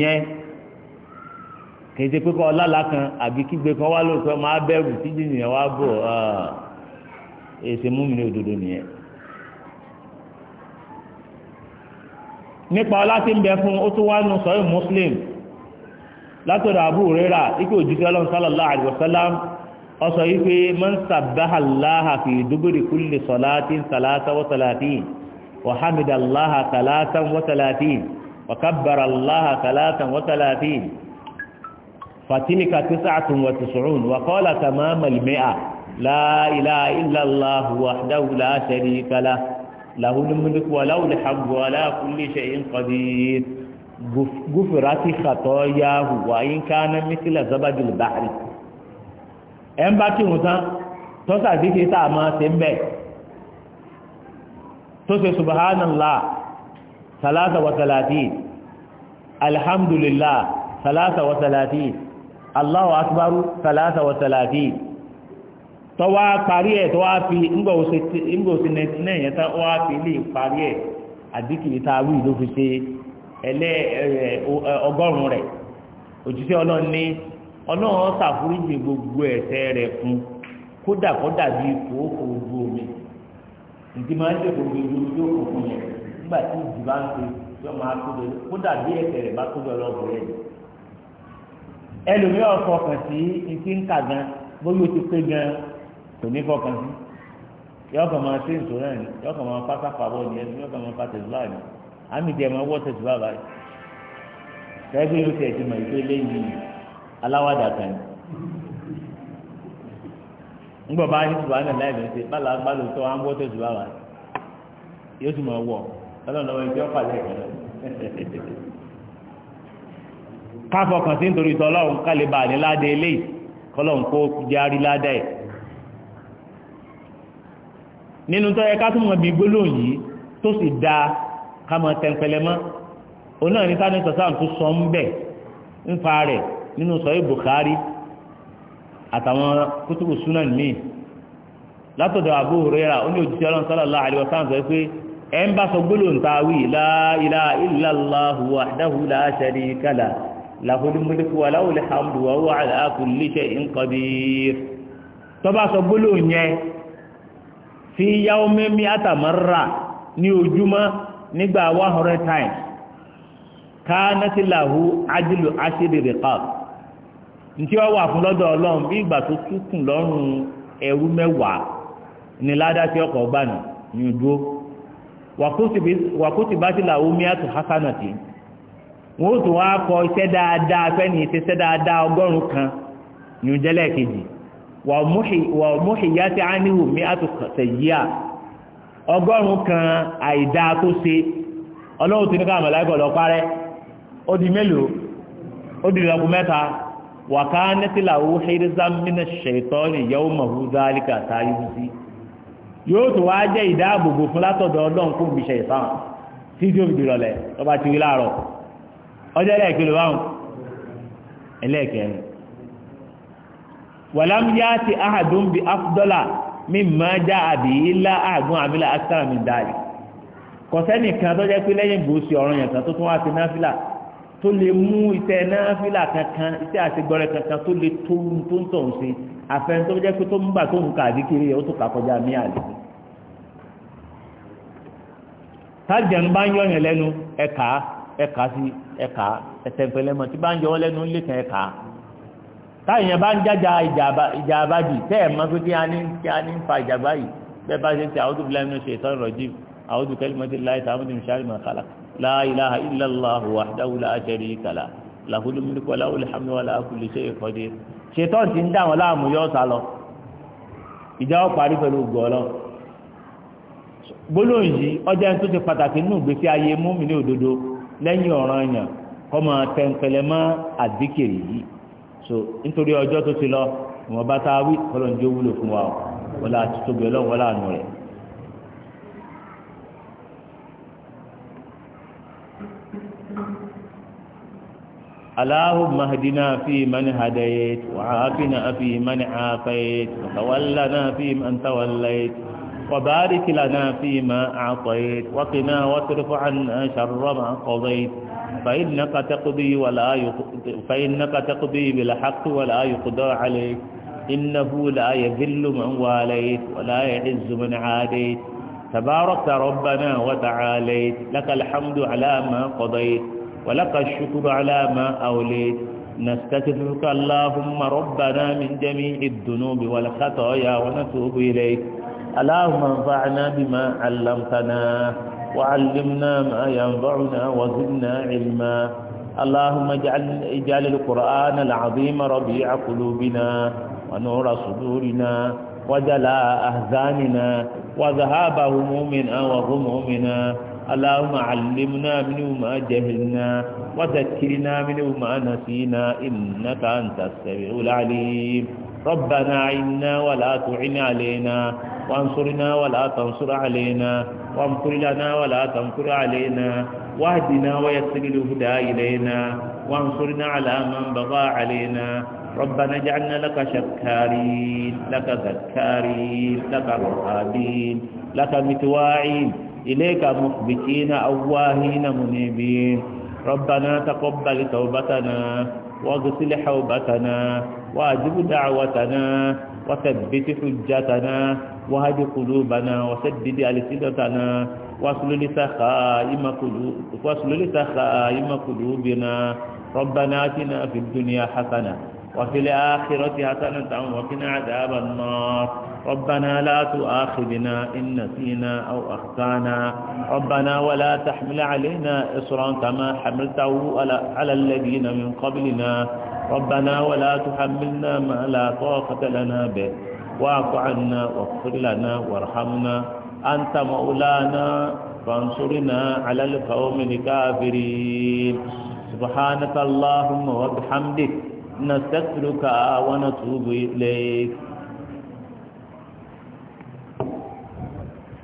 ẹ̀ kìí ṣe pé kọ́ ọlọ́lá kan àbí kígbe kan wá lóòótọ́ máa bẹ̀rù tí jìnnìyàn wá bọ̀ èsì múmi ní òdodo nìyẹn. nípa ọlá tí ń bẹ fún ó tún wá nu sọ́yìn muslim látọ̀dọ̀ Abu Huraira ikú òjijì ọlọ́run sallallahu alaihi wasallam ọsọ yìí pé man sabbaha fi duburi kulli salatin salata wa salatin wa hamida allaha salatan wa fatilika tis'atun wa tis'un wa qala tamama al-mi'a la ilaha illa allah wahdahu la sharika lah lahu al-mulku wa lahu al-hamdu wa la kulli shay'in qadir gufurati khatayahu wa in kana mithla zabadil bahri en ba ki mutan to sa bi ki ta ma se nbe to se subhanallah salasa wa salatin alhamdulillah salasa Allahu akbaru salasa wa salati tọ́wá parí ẹ̀ fi ńgbòsí náà yẹn tọ́wá fi lè parí ẹ̀ àdìkìlì tá a wí ló fi ṣe ẹlẹ́ ọgọ́rùn-ún rẹ̀ gbogbo ẹ̀ṣẹ̀ rẹ̀ fún kódà kódà ko kòókò ojú omi ìdí máa ń dẹ̀kọ̀ ojú omi tó kò fún yẹn nígbà tí ìdí bá ń pe yọ ẹlòmíràn fọkàn sí etí ń kà gan bóyá o ti pé gan kò ní fọkàn sí yọ kàn máa ṣe ìṣòro ẹ̀ yọ kàn máa pátá pàbọ̀ ní ẹni yọ kàn máa pátá ìṣòro àná àmì ìdí máa báyìí yóò aláwàdà kan bá yín tùbà náà ṣe bá làá àwọn báyìí yóò káfọkàn sí nítorí tọ́lọ́run kálí bá ní ládé eléyìí kọ́lọ́run kó járí ládé ẹ̀ nínú tó yẹ ká tún mọ̀ bí gbólóhùn yìí tó sì dáa ká mọ̀ tẹ̀pẹ̀lẹ̀ mọ́ òun náà ní sáré sọ̀sán tó sọ ń bẹ̀ ń fa rẹ̀ nínú sọ̀rọ̀ Bukhari àtàwọn kútùbù sunan míì látọ̀dọ̀ Abu Hurairah ó ní òjíṣẹ́ ọlọ́run sallallahu alaihi wasallam sọ pé ẹ̀ ń bá sọ gbólóhùn táwí la ilaha illallahu wahdahu la sharika lahu lahu al-mulku wa lahu al-hamdu wa huwa ala kulli shay'in qadir tó bá sọ gbólóhùn yẹn fi yawmi mi'ata marra ní ojúmọ́ nígbà one hundred times kánátì lahu ajlu ashri riqab ntí wọ́n wà fún lọ́dọ̀ ọlọ́run bí ìgbà tó túkùn lọ́rùn ẹrú mẹ́wàá ní ládàá tí ọkọ̀ ọgbà nù ní ojú wàkútì bá ti hasanati wọn ó tún wá kọ iṣẹ́ dáadáa fẹ́ni iṣẹ́ dáadáa ọgọ́rùn kan yòójẹ́lẹ̀ kejì wà mọ́ṣíyá tí a níhù mí àtúntẹ̀ yìí à ọgọ́rùn kan àìdáa tó ṣe ọlọ́run ti ní ká àmàlà lọ ó di mélòó ó di ìrọ̀kùn mẹ́ta wà ká nẹ́tìlà owó ṣẹ́yẹ́dẹ́sá mínà ṣẹ̀tọ́ ní ìyàwó ọjọ́ ẹlẹ́ẹ̀kẹ́ ló báwọn ẹlẹ́ẹ̀kẹ́rin wàlám yá ti ahàdùn bí afdọ́là mi máa já àbí ilá àgùn àmìlà akitara mi dáàrí kọ̀sẹ́nì kan tó jẹ́ pé lẹ́yìn gbòòsì ọ̀rọ̀ yẹn kan tó tún wá sí náfìlà tó lè mú iṣẹ́ náfìlà kankan iṣẹ́ àṣegbọ́rẹ́ kankan tó lè tó tó ń tọ̀hún sí àfẹn tó jẹ́ pé tó ń gbà tó ń ka àdíkiri yẹn ó tó kà kọjá mí àlè tájà ń bá ń yọ̀yàn lẹ́nu ẹ̀ka ẹ̀ka sí ẹ̀ka ẹ̀tẹ̀pẹ̀lẹ́mọ̀ tí bá ń jọ wọ́n lẹ́nu lè kàn ẹ̀ka táyì yẹn bá ń jájà ìjà àbájì tẹ́ ẹ̀ mọ́ pé kí a ní kí a ní ń fa ìjàgbá yìí bẹ́ẹ̀ bá ṣe ti àwọn tó fi lẹ́nu ṣe ìtọ́rọ̀ rọ̀jì àwọn tó kẹ́lí mọ́tì láì tààmù ní sáré máa kàlà la ilaha illallah wahdahu la sharika gbólóhùn yìí ọjà tó ti pàtàkì nínú ìgbésí ayé mú mi ní òdodo lẹ́yìn ọ̀ranyàn kọ́ máa tẹ̀ǹpẹ̀lẹ̀ mọ́ àdìkìrì yìí so nítorí ọjọ́ tó ti lọ ìwọ̀n bá tá a wí kọ́lọ́njọ́ wúlò fún wa o wọlé àtútóbi ọlọ́run wọlé àánú rẹ̀. اللهم اهدنا فيمن هديت وعافنا فيمن عافيت وتولنا فيمن توليت وبارك لنا فيما أعطيت وقنا واصرف عنا شر ما قضيت فإنك تقضي ولا فإنك تقضي بالحق ولا يقضى عليك إنه لا يذل من واليت ولا يعز من عاديت تبارك ربنا وتعاليت لك الحمد على ما قضيت ولك الشكر على ما أوليت نستغفرك اللهم ربنا من جميع الذنوب والخطايا ونتوب إليك اللهم انفعنا بما علمتنا وعلمنا ما ينفعنا وزدنا علما اللهم اجعل, اجعل القرآن العظيم ربيع قلوبنا ونور صدورنا وجلاء أهزاننا وذهاب همومنا وغمومنا اللهم علمنا منه ما جهلنا وذكرنا منه ما نسينا إنك أنت السميع العليم ربنا عنا ولا تعن علينا وانصرنا ولا تنصر علينا وامكر لنا ولا تمكر علينا واهدنا ويسر الهدى إلينا وانصرنا على من بغى علينا ربنا اجعلنا لك شكارين لك ذكارين لك رهابين لك متواعين إليك مخبتين أواهين منيبين ربنا تقبل توبتنا واغسل حوبتنا واجب دعوتنا وثبت حجتنا وهد قلوبنا وسدد ألسنتنا واصل لسخائم قلوبنا ربنا آتنا في الدنيا حسنة وفي الآخرة حسنة وقنا عذاب النار ربنا لا تؤاخذنا إن نسينا أو أخطانا ربنا ولا تحمل علينا إصرا كما حملته على الذين من قبلنا ربنا ولا تحملنا ما لا طاقة لنا به واعف عنا واغفر لنا وارحمنا أنت مولانا فانصرنا على القوم الكافرين سبحانك اللهم وبحمدك نستغفرك ونتوب إليك